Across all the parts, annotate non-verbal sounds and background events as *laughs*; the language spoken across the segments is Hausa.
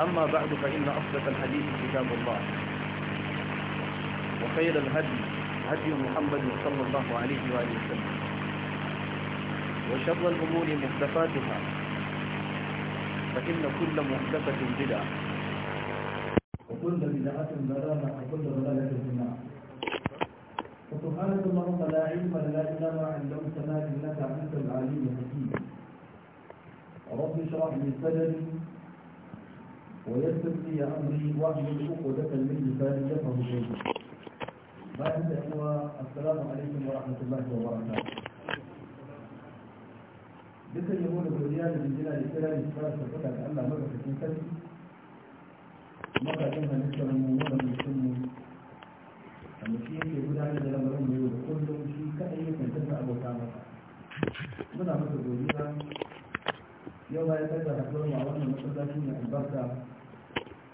أما بعد فإن أصدق الحديث كتاب الله وخير الهدي هدي محمد صلى الله عليه وآله وسلم وشر الأمور محدثاتها فإن كل محدثة بدعة وكل بدعة ضلالة وكل ضلالة في النار سبحانك اللهم لا علم لنا إلا ما علمتنا إنك أنت العليم الحكيم رب اشرح لي صدري ويسر لي امري واحمل عقدة المجلس يفهم منه. بعد الاخوة السلام عليكم ورحمة الله وبركاته. بس يقول ابو زياد من جلال الكلام الثلاثة فقط ألا مرة في كتب مرة كنا نكتب الموضوع من السنة. المشيك يقول أنا جل مرة من يوم كل يوم شيء كأي من تنفع أبو كامل من عمد ابو زياد يوم لا يتجد أكبر معلومة من قبل أن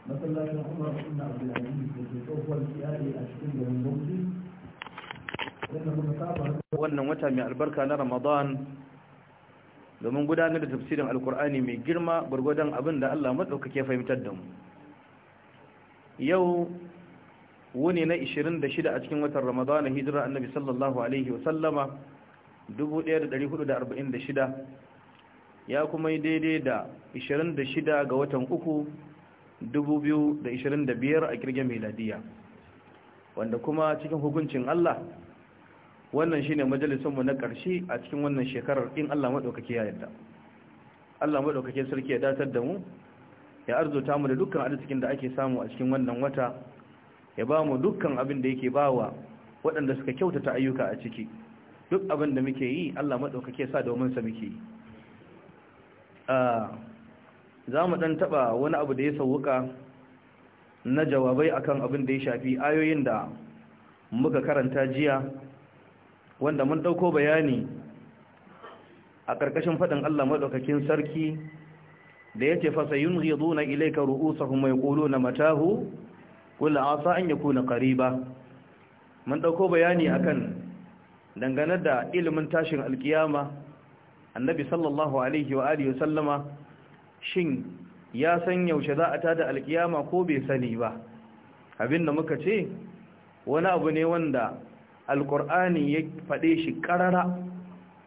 masallacin umar ibn abdulaziz da ke tsohuwar kiyaye a cikin garin bauchi wannan wata mai albarka na ramadan domin gudanar da tafsirin alkur'ani mai girma gwargwadon abin da allah maɗaukake fahimtar da mu yau wuni na 26 a cikin watan ramadan na hijira annabi sallallahu alaihi wasallama 1446 ya kuma yi daidai da 26 ga watan uku 2025 a kirgin meladiya wanda kuma cikin hukuncin Allah wannan shine majalisunmu na ƙarshe a cikin wannan shekarar in Allah maɗaukaki ya yadda. Allah maɗaukaki sarki ya datar da mu ya arzuta mu da dukkan arzikin da ake samu a cikin wannan wata ya ba mu dukkan abin da yake bawa waɗanda suka kyautata ayyuka a ciki duk abin da muke yi Allah maɗaukaki ya sa domin sa muke yi ah, za mu ɗan taɓa wani abu da ya sauka na jawabai akan abin da ya shafi ayoyin da muka karanta jiya wanda mun ɗauko bayani a ƙarƙashin faɗin Allah maɗaukakin sarki da ya ce fasa yin rizo na ilaika ru'usa kuma na matahu kula asa an ya kuna ƙariba mun ɗauko bayani akan dangane da ilimin tashin alkiyama annabi sallallahu alaihi wa alihi sallama shin ya san yaushe za a tada alkiyama ko bai sani ba abin da muka ce wani abu ne wanda alkur'ani ya faɗe shi ƙarara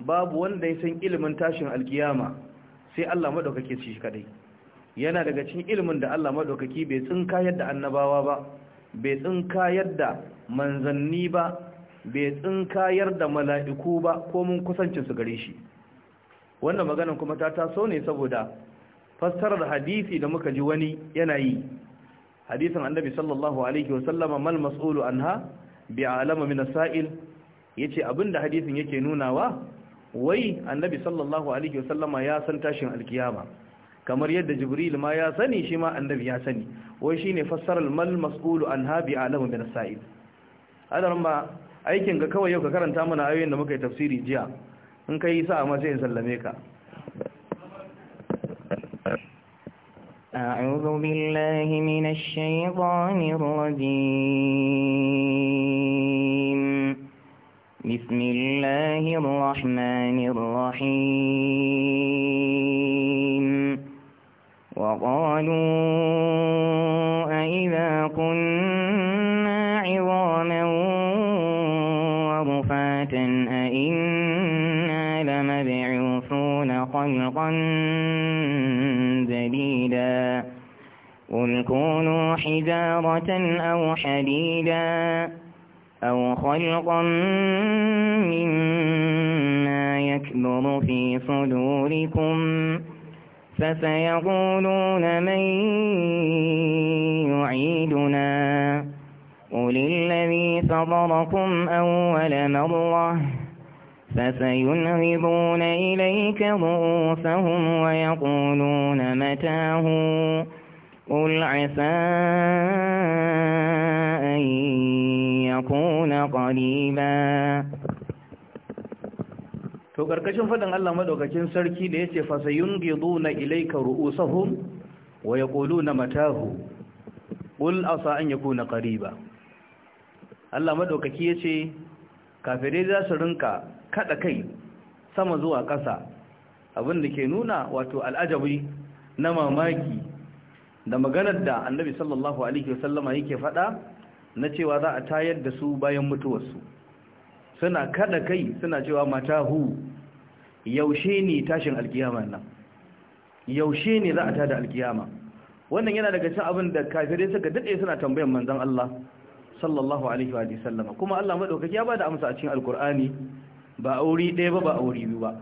babu wanda ya san ilimin tashin alkiyama sai Allah maɗaukake shi kaɗai yana daga cikin ilimin da Allah maɗaukaki bai tsinka yadda annabawa ba bai tsinka yadda manzanni ba bai tsinka yadda mala'iku ba ko mun su gare shi wannan maganar kuma ta taso ne saboda fassarar hadisi da muka ji wani yana yi hadisin annabi sallallahu alaihi wasallama mal mas'ulu anha bi alama min as-sa'il yace abinda hadisin yake nunawa wai annabi sallallahu alaihi wasallama ya san tashin alkiyama kamar yadda jibril ma ya sani shi ma annabi ya sani wai shine fassarar mal mas'ulu anha bi alama min as-sa'il adaran aikin kawai yau ka karanta mana ayoyin da muka yi tafsiri jiya in kai sa amma sai in sallame ka أعوذ بالله من الشيطان الرجيم بسم الله الرحمن الرحيم وقالوا أئذا كنا عظاما ورفاتا أئنا لمبعوثون خلقا قل كونوا حجارة أو حديدا أو خلقا مما يكبر في صدوركم فسيقولون من يعيدنا قل الذي فضركم أول مرة فسينهضون إليك رؤوسهم ويقولون متاهوا قل عسى أن يكون قريبا to ƙarƙashin faɗin Allah madaukakin sarki da yace fa sayungiduna ilayka ru'usahum wa yaquluna matahu qul asa an yakuna qariba Allah madaukaki yace kafirai za su rinka kaɗa kai sama zuwa ƙasa abin da ke nuna wato al'ajabi na mamaki da maganar da annabi sallallahu alaihi wasallama yake faɗa na cewa za a tayar da su bayan mutuwarsu suna kada kai suna cewa mata hu yaushe ne tashin alkiyama nan yaushe ne za a tada alkiyama wannan yana daga cin abin da kafirai suka dade suna tambayan manzon Allah sallallahu alaihi wa sallama kuma Allah madaukaki ya bada amsa a cikin alkur'ani ba aure ɗaya ba ba aure biyu ba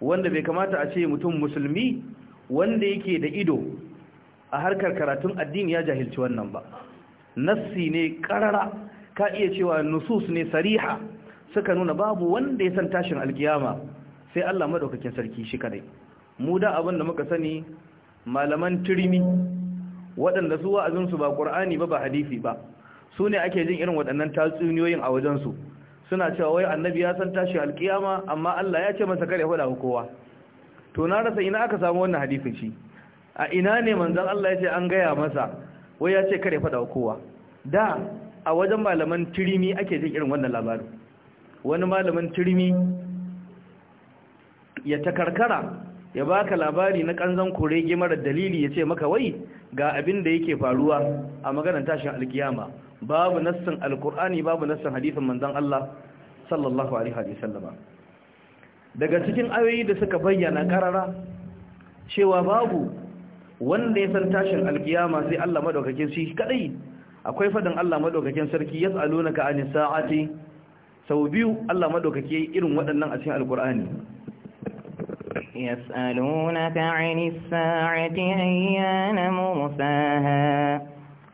wanda bai kamata a ce mutum musulmi wanda yake da ido a harkar karatun addini ya jahilci wannan ba nassi ne karara ka iya cewa nusus ne sariha suka nuna babu wanda ya san tashin alkiyama sai Allah madaukakin sarki shi kadai mu da abin da muka sani malaman turmi waɗanda su wa'azinsu ba ƙur'ani ba ba hadisi ba su ne ake jin irin waɗannan tatsuniyoyin a wajen su suna cewa wai annabi ya san tashi alkiyama amma Allah ya ce masa kare hoda kowa to na rasa ina aka samu wannan hadisin shi a ina ne manzan Allah ya ce an gaya masa wai ya ce kare faɗawa kowa da a wajen malaman turimi ake jin irin wannan labarin wani malaman turimi ya ta karkara ya baka labari na kanzan kurege mara dalili ya ce maka wai ga abin da yake faruwa a maganar tashin alkiyama babu nassin alkur'ani babu nassin hadisin manzan Allah sallallahu alaihi wasallama daga cikin ayoyi da suka bayyana karara cewa babu wanda ya san tashin alkiyama sai Allah madaukakin shi kadai akwai fadin Allah madaukakin sarki yas'alunaka anis sa'ati sau biyu Allah madaukake irin waɗannan a cikin alkur'ani yas'alunaka anis sa'ati ayyana musaha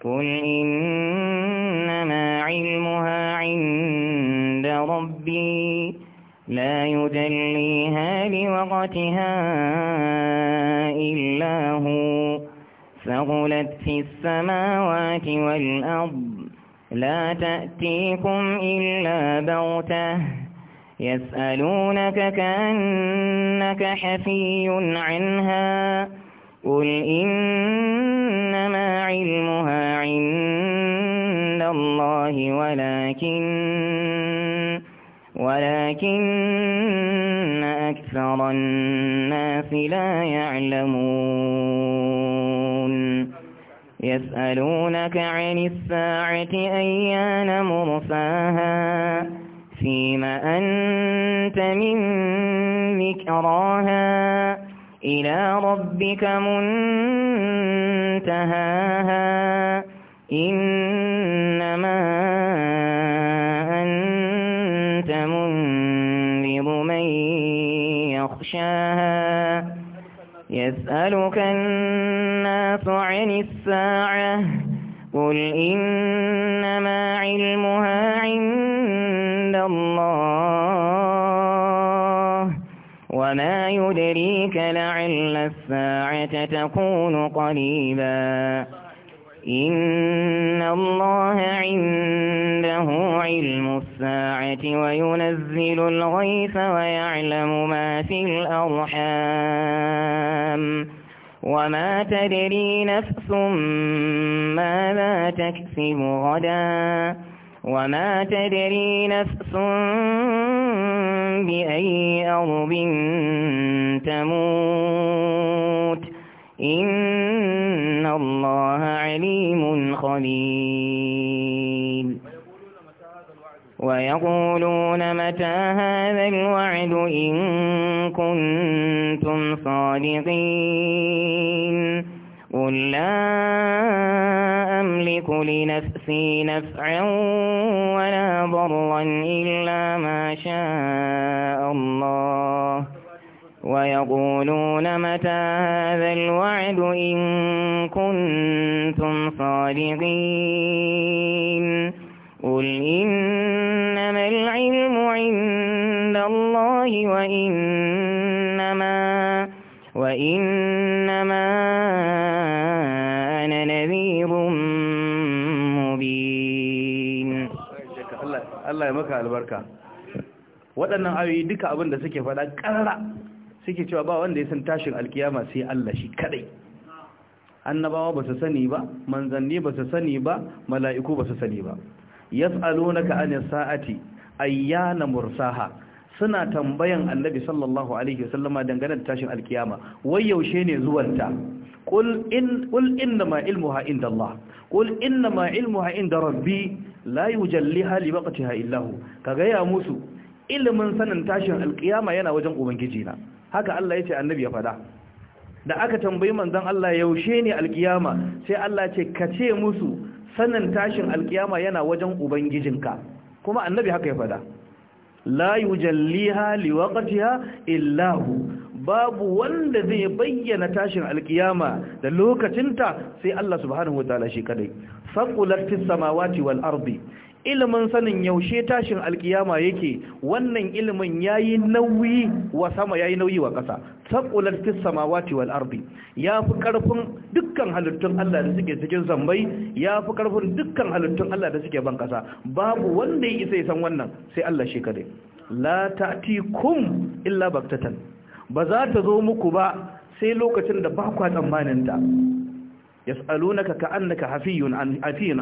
قل إنما علمها عند ربي لا يجليها لوقتها إلا هو فغلت في السماوات والأرض لا تأتيكم إلا بغتة يسألونك كأنك حفي عنها قل إنما علمها عند الله ولكن ولكن أكثر الناس لا يعلمون يسألونك عن الساعة أيان مرساها فيما أنت من ذكراها إلى ربك منتهاها إنما يسألك الناس عن الساعة قل إنما علمها عند الله وما يدريك لعل الساعة تكون قريباً إن الله عنده علم الساعة وينزل الغيث ويعلم ما في الأرحام وما تدري نفس ماذا تكسب غدا وما تدري نفس بأي أرض تموت إن الله عليم خليل ويقولون متى هذا الوعد إن كنتم صادقين قل لا أملك لنفسي نفعا ولا ضرا إلا ما شاء الله ويقولون متى هذا الوعد إن كنتم صادقين قل إنما العلم عند الله وإنما وإنما أنا نذير مبين الله الله يمكى البركة waɗannan ayoyi duka abin da suke faɗa ƙarara suke cewa ba wanda ya san tashin alkiyama sai Allah shi kadai annabawa ba su sani ba manzanni ba su sani ba mala'iku ba su sani ba yas'alunaka anis sa'ati ayyana mursaha suna tambayan annabi sallallahu alaihi wasallama dangane da tashin alkiyama wai yaushe ne zuwanta qul in qul innama ilmuha indallah qul innama ilmuha inda rabbi la yujalliha liwaqtiha illa kaga ya musu ilimin sanin tashin alkiyama yana wajen ubangiji na haka Allah ya ce annabi ya fada da aka tambayi manzon Allah yaushe ne alkiyama sai Allah ce ka ce musu sanin tashin alkiyama yana wajen ubangijinka kuma annabi haka ya fada la yujalliha liwaqtiha illa hu babu wanda zai bayyana tashin alkiyama da lokacinta sai Allah subhanahu wataala shi kadai faqulat fis samawati wal ardi ilimin sanin yaushe tashin alkiyama yake wannan ilimin yayi nauyi wa sama yayi nauyi wa ƙasa saqulat fis samawati wal ardi yafi karfin dukkan halittun Allah da suke cikin zambai yafi karfin dukkan halittun Allah da suke ban ƙasa babu wanda ya isa san wannan sai Allah shi kade la ta'tikum illa baktatan ba za ta zo muku ba sai lokacin da ba ku tsammanin ta yas'alunaka ka'annaka hafiyun an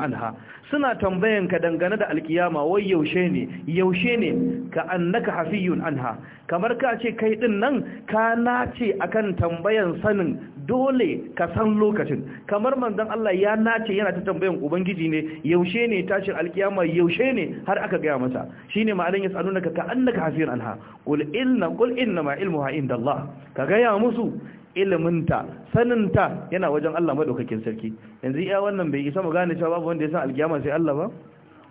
anha suna tambayan ka dangane da alkiyama wai yaushe ne yaushe ne ka'annaka hafiyun anha kamar ka ce kai din nan ka nace akan tambayan sanin dole ka san lokacin kamar manzon Allah ya nace yana ta tambayan ubangiji ne yaushe ne tashin alkiyama yaushe ne har aka gaya masa shine ma'anar yas'alunaka ka'annaka hafiyun anha qul inna qul inna ma ilmuha indallah ka gaya musu iliminta saninta yana wajen Allah madaukakin sarki yanzu iya wannan bai isa mu gane cewa babu wanda ya san alkiyama sai Allah ba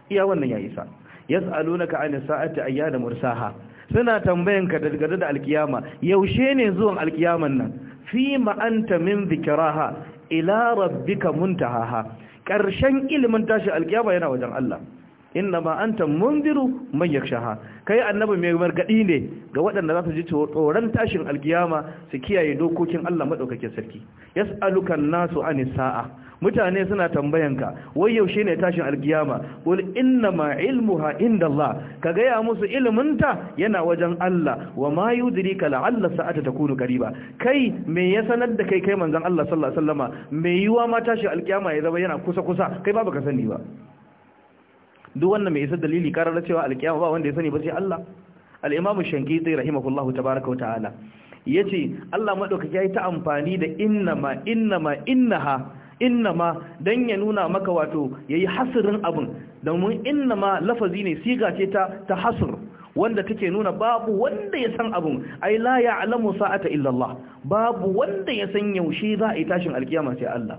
iya wannan ya isa yas'alunaka 'ani sa'ati ayyana mursaha suna tambayan ka daga da alkiyama yaushe ne zuwan alkiyaman nan fi ma anta min dhikraha ila rabbika muntahaha karshen ilimin tashi alkiyama yana wajen Allah inna ma anta mundiru man yakshaha kai annabi mai margaɗi ne ga waɗanda za su ji tsoron tashin alkiyama su kiyaye dokokin Allah madaukakin sarki yasalukan nasu anis sa'a mutane suna tambayanka wai yaushe ne tashin alkiyama qul inna ma ilmuha indallah ka gaya musu ilminta yana wajen Allah wa ma yudrika la'alla sa'ata takunu qariba kai me ya sanar da kai kai manzon Allah sallallahu alaihi wasallama me yiwa ma tashin alkiyama ya zama yana kusa kusa kai ba ka sani ba duk wannan mai isa dalili karar cewa alkiyama ba wanda ya sani ba sai Allah al shanki zai rahimahullahu tabaaraka wa ta'ala yace Allah madaukaki yayi ta amfani da innama innama innaha innama dan ya nuna maka wato yayi hasirin abun domin innama lafazi ne siga ce ta ta hasr wanda take nuna babu wanda ya san abun ai la ya'lamu sa'ata illa Allah babu wanda ya san yaushe za a yi tashin alkiyama sai Allah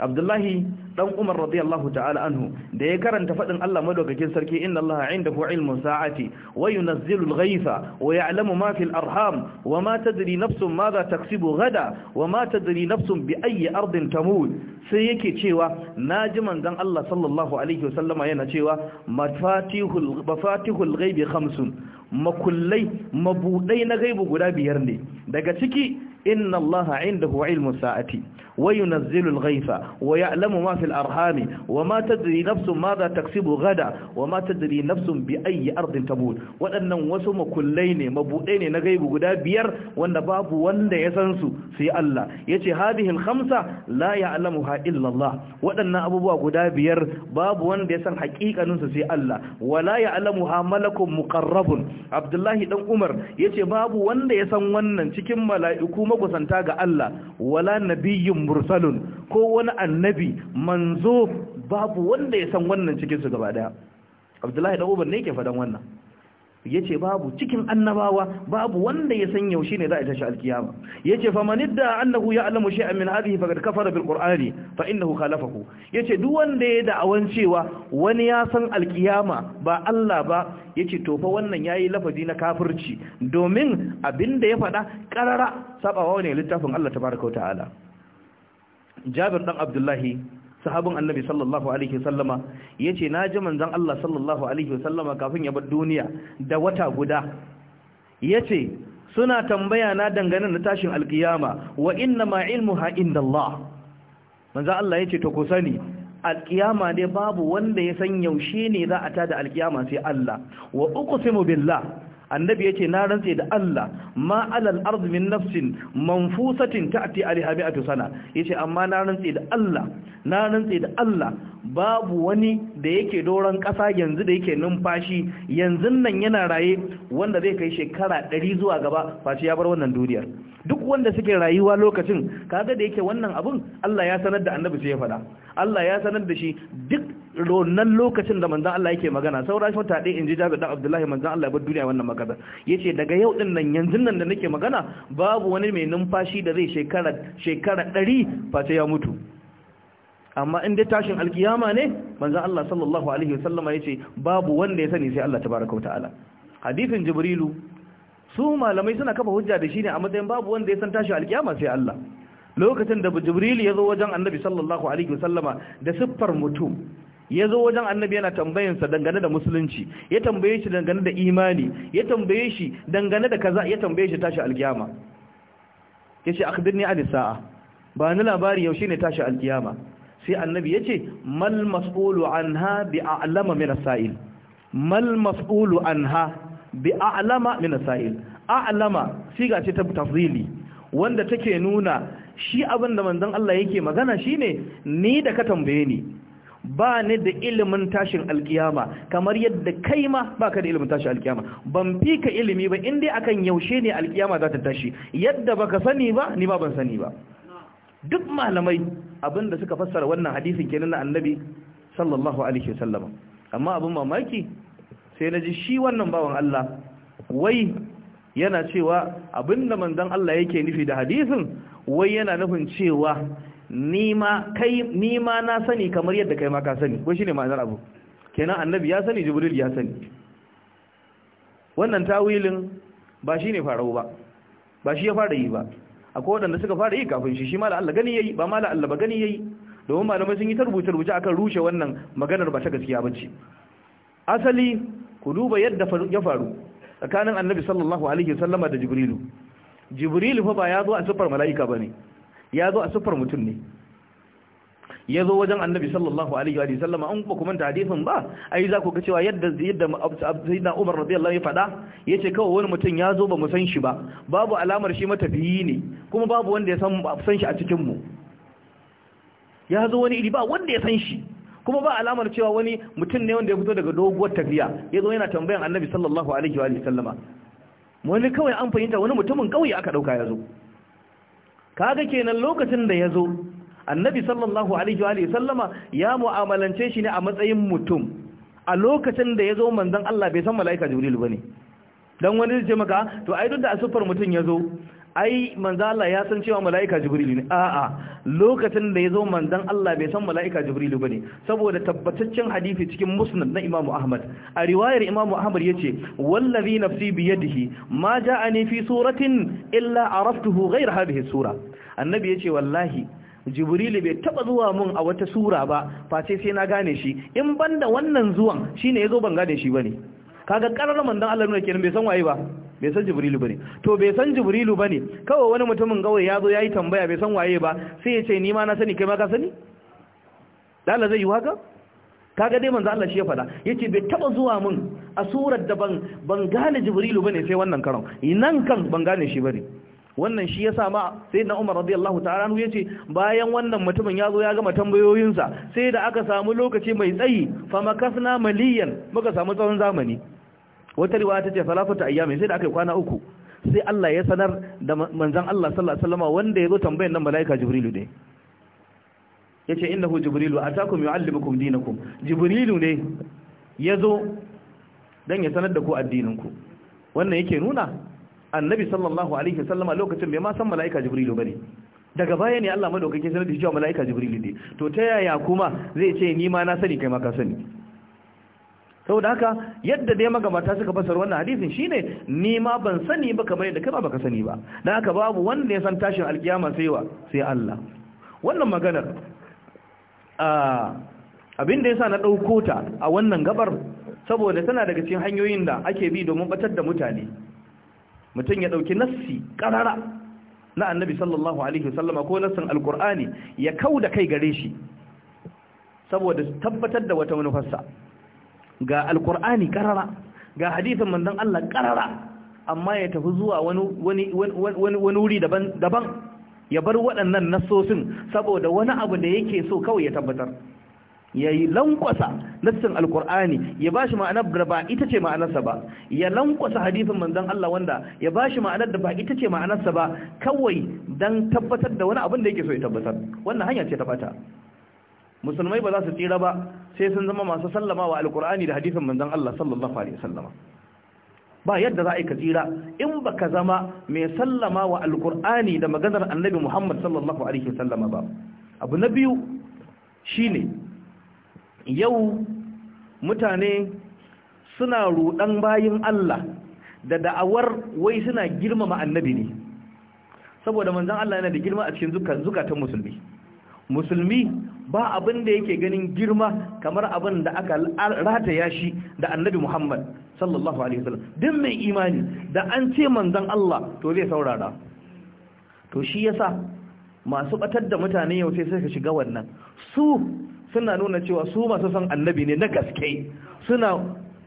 Abdullahi dan Umar radiyallahu ta'ala anhu da ya karanta fadin Allah madaukakin sarki inna Allah indahu ilmu sa'ati wa yunazzilu al-ghaytha wa ya'lamu ma fil arham wa ma tadri nafsun madha taksibu ghadan wa ma tadri nafsun bi ayyi ardin tamut sai yake cewa naji manzon Allah sallallahu alaihi wasallama yana cewa mafatihul mafatihul ghaibi khamsun makullai mabudai na gaibu guda biyar ne daga ciki inna allaha indahu ilmu sa'ati wa yunazzilu al wa ya'lamu ma fil arhami wa ma tadri nafsun madha taksibu gada wa ma tadri nafsun bi ayyi ardin tamut wadannan wasu makullai ne mabudai ne na gaibu guda biyar wanda babu wanda ya san su sai Allah yace hadhihi al-khamsa la ya'lamuha illa Allah wadannan abubuwa guda biyar babu wanda ya san haƙiƙanin su sai Allah wala ya'lamuha malakun muqarrabun abdullahi dan umar ya ce babu wanda ya san wannan cikin mala'iku makusanta ga Allah wala nabiyyun mursalun ko wani annabi manzo babu wanda ya san wannan cikin su gaba daya abdullahi dan umar ne ke fadan wannan yace babu cikin annabawa babu wanda ya san yaushe ne za a tashi alkiyama yace fa man idda annahu ya'lamu shay'an min hadhihi faqad kafara bil qur'ani fa innahu khalafahu yace duk wanda ya awan cewa wani ya san alkiyama ba Allah ba yace to fa wannan yayi lafazi na kafirci domin abinda ya faɗa karara sabawa ne littafin Allah tabaraka wa ta'ala Jabir dan Abdullahi sahabin annabi sallallahu alaihi wasallama yace na ji manzon Allah sallallahu alaihi wasallama kafin ya bar duniya da wata guda yace suna tambaya na dangane da tashin alkiyama wa inna ma ilmuha indallah manzon Allah yace to ku sani alkiyama ne babu wanda ya san yaushe ne za a tada alkiyama sai Allah wa uqsimu billah annabi yace na rantse da Allah ma alal ard min nafsin manfusatin ta'ti alaiha mi'atu sana yace amma na rantse da Allah na rantse da Allah babu wani da yake doron kasa yanzu da yake numfashi yanzu nan yana raye wanda zai kai shekara 100 zuwa gaba face ya bar wannan duniyar duk wanda suke rayuwa lokacin kaga da yake wannan abun Allah ya sanar da annabi sai ya faɗa Allah ya sanar da shi duk ronan lokacin da manzon Allah yake magana saura shi dai inji Jabir da Abdullahi manzon Allah ya bar duniya wannan magana kaza yace daga yau din nan yanzu nan da nake magana babu wani mai numfashi da zai shekara shekara 100 face ya mutu amma in dai tashin alkiyama ne manzon Allah sallallahu alaihi wasallama yace babu wanda ya sani sai Allah tabaaraka wa ta'ala hadithin jibrilu su malamai suna kafa hujja da shi ne a matsayin babu wanda ya san tashin alkiyama sai Allah lokacin da jibrilu ya zo wajen annabi sallallahu alaihi wasallama da siffar mutum ya zo wajen annabi yana tambayinsa dangane da musulunci ya tambaye shi dangane da imani ya tambaye shi dangane da kaza ya tambaye shi tashi alkiyama ya ce akhbirni an sa'a ba ni labari yaushe ne tashi alkiyama sai annabi ya ce mal mas'ulu anha bi a'lama min as-sa'il mal mas'ulu anha bi a'lama min as-sa'il a'lama siga ce ta tafzili wanda take nuna shi abin da manzon Allah yake magana shine ni da ka tambaye ni ba ni da ilimin tashin alkiyama kamar yadda kai ma ba ka da ilimin tashin alkiyama ban fi ka ilimi ba inda akan yaushe ne alkiyama za ta tashi yadda ba ka sani ba ni ba ban sani ba duk malamai abinda suka fassara wannan hadisin kenan na annabi sallallahu alaihi wasallam amma abin mamaki sai na ji shi wannan bawan Allah wai yana cewa abinda manzon Allah yake nufi da hadisin wai yana nufin cewa nima kai nima na sani kamar yadda kai ma ka sani ko shine ma'anar abu kenan annabi ya sani jibril ya sani wannan tawilin ba shine farau ba ba shi ya fara yi ba akwai wadanda suka fara yi kafin shi shi ma Allah gani yayi ba ma Allah ba gani yayi domin malamai sun yi ta rubuce rubuce akan rushe wannan maganar ba ta gaskiya bace asali ku duba yadda ya faru tsakanin annabi sallallahu alaihi wasallama da jibrilu jibrilu fa ba ya zo a sifar mala'ika bane ya zo a siffar mutum ne ya zo wajen annabi sallallahu alaihi wa sallama an ku kuma hadisin ba ai za ku ga cewa yadda yadda sayyidina Umar radiyallahu ya faɗa yace kawai wani mutum ya zo ba mu san shi ba babu alamar shi matafiyi ne kuma babu wanda ya san san shi a cikin mu ya zo wani iri ba wanda ya san shi kuma ba alamar cewa wani mutum ne wanda ya fito daga doguwar tafiya ya zo yana tambayan annabi sallallahu alaihi wa sallama wani kawai an fahimta wani mutumin kauye aka dauka ya zo kaga kenan lokacin da ya zo annabi sallallahu alaihi wa sallama ya mu'amalance shi ne a matsayin mutum a lokacin da ya zo manzon Allah bai san mala'ika jibril bane dan wani zai ce maka to ai duk da asufar mutum ya zo ai manzo Allah ya san cewa mala'ika jibrilu ne a'a lokacin da ya zo manzan Allah bai san mala'ika jibrilu ba saboda tabbataccen hadisi cikin musnad na Imam ahmad a riwayar imamu ahmad ya ce wallazi nafsi biyadihi ma ja'ani fi suratin illa araftuhu ghayra hadhihi sura annabi ya ce wallahi jibrilu bai taba zuwa mun a wata sura ba face sai na gane shi in banda wannan zuwan shine yazo ban gane shi bane kaga karar manzan Allah ne kenan bai san waye ba bai san jibrilu bane to bai san jibrilu bane kawai wani mutumin gawai ya zo ya yi tambaya bai san waye ba sai ya ce ni ma na sani kai ma ka sani Allah zai yi haka kaga dai manzo Allah shi ya fada yace bai taba zuwa mun a surar da ban ban gane jibrilu bane sai wannan karon nan kan ban gane shi bane wannan shi yasa ma sayyidina Umar radiyallahu ta'ala anhu yace bayan wannan mutumin ya zo ya gama tambayoyinsa sai da aka samu lokaci mai tsayi fa makasna maliyan muka samu tsawon zamani wata riwaya ta ce salafatu ayyami sai da aka yi kwana uku sai Allah ya sanar da manzon Allah sallallahu alaihi wasallam wanda yazo tambayar nan malaika jibrilu ne yace innahu jibrilu atakum yuallimukum dinakum jibrilu ne yazo dan ya sanar da ku addinin ku wannan yake nuna annabi sallallahu alaihi wasallama lokacin bai ma san malaika jibrilu bane daga baya ne Allah madaukake sanar da shi cewa malaika jibrilu ne to ta yaya kuma zai ce ni ma na sani kai ma ka sani saboda haka yadda dai magabata suka fasar wannan hadisin shine ni ma ban sani ba kamar yadda kai ba baka sani ba dan haka babu wanda ya san tashin alkiyama sai wa sai Allah wannan maganar abin da yasa na dauko ta a wannan gabar saboda tana daga cikin hanyoyin da ake bi domin batar da mutane mutum ya dauki nassi karara na annabi sallallahu alaihi wasallama ko nassin alqur'ani ya kauda kai gare shi saboda tabbatar da wata manufarsa ga alkur'ani karara ga hadisin manzon Allah karara amma ya tafi zuwa wani wani wuri daban daban ya bar waɗannan nassosin saboda wani abu da yake so kawai ya tabbatar ya yi lankwasa nassin alkur'ani ya ba shi ma'anar da ba ita ce ma'anarsa ba ya lankwasa hadithin manzon Allah wanda ya ba shi ma'anar da ba ita ce ma'anarsa ba kawai don tabbatar da wani abin da yake so ya tabbatar wannan hanya ce ta fata musulmai ba za su tsira ba sai sun zama masu wa alkur'ani da hadisin manzon Allah sallallahu alaihi wasallam ba yadda za a yi ka in baka zama mai sallama wa alkur'ani da maganar annabi Muhammad sallallahu alaihi wasallama ba abu na biyu shine yau mutane suna rudan bayin Allah da da'awar wai suna girmama annabi ne saboda manzon Allah yana da girma a cikin zukatan musulmi musulmi ba abin da yake ganin girma kamar abin da aka rataya shi da annabi Muhammad sallallahu alaihi wasallam duk mai imani da an ce manzon Allah to zai saurara to shi yasa masu batar da mutane yau sai suka shiga wannan su suna nuna cewa su masu son annabi ne na gaske suna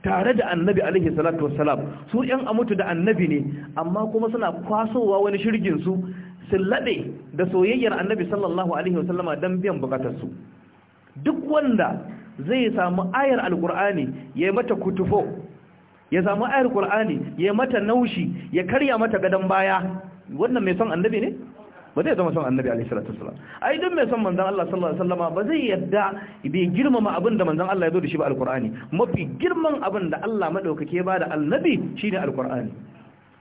tare da annabi alaihi salatu wassalam su yan amutu da annabi ne amma kuma suna kwasowa wani shirgin su sun laɗe da soyayyar annabi sallallahu alaihi wasallama don biyan bukatarsu duk wanda zai samu ayar alkur'ani ya mata kutufo ya samu ayar kur'ani ya mata naushi ya karya mata gadon baya wannan mai son annabi ne ba zai zama son annabi alaihi salatu wasallam ai duk mai son manzon Allah sallallahu alaihi wasallama ba zai yadda bai girmama abin da manzon Allah ya zo da shi ba alkur'ani mafi girman abin da Allah madaukake ba da annabi shine alkur'ani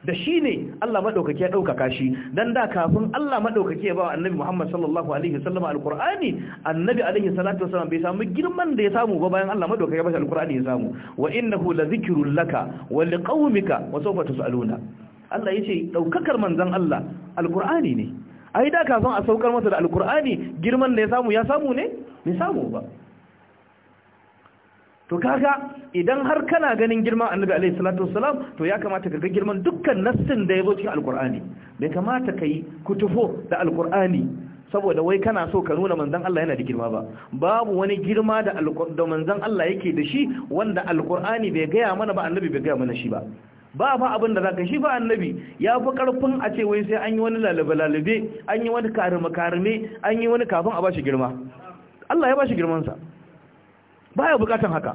da shi ne Allah maɗaukaki ya ɗaukaka shi don da kafin Allah maɗaukaki ya ba annabi Muhammad sallallahu Alaihi wasallama alƙur'ani annabi Alaihi salatu wasallam bai samu girman da ya samu ba bayan Allah maɗaukaki ya al alƙur'ani ya samu wa innahu la zikirun laka wa liqaumika wa sawfa tus'aluna Allah yace ɗaukakar manzon Allah alƙur'ani ne ai da kafin a saukar masa da alƙur'ani girman da ya samu ya samu ne bai samu ba to kaga idan har kana ganin girman annabi alaihi salatu wassalam to ya kamata ka ga girman dukkan nassin da yazo cikin alqur'ani bai kamata kai kutufo da alqur'ani saboda wai kana so ka nuna manzon Allah yana da girma ba babu wani girma da da manzon Allah yake da shi wanda alqur'ani bai gaya mana ba annabi bai gaya mana shi ba ba fa abin da zaka shi ba annabi ya fi karfin a ce wai sai an yi wani lalube an yi wani karime karime an yi wani kafin a bashi girma Allah ya bashi girman sa baya bukatan haka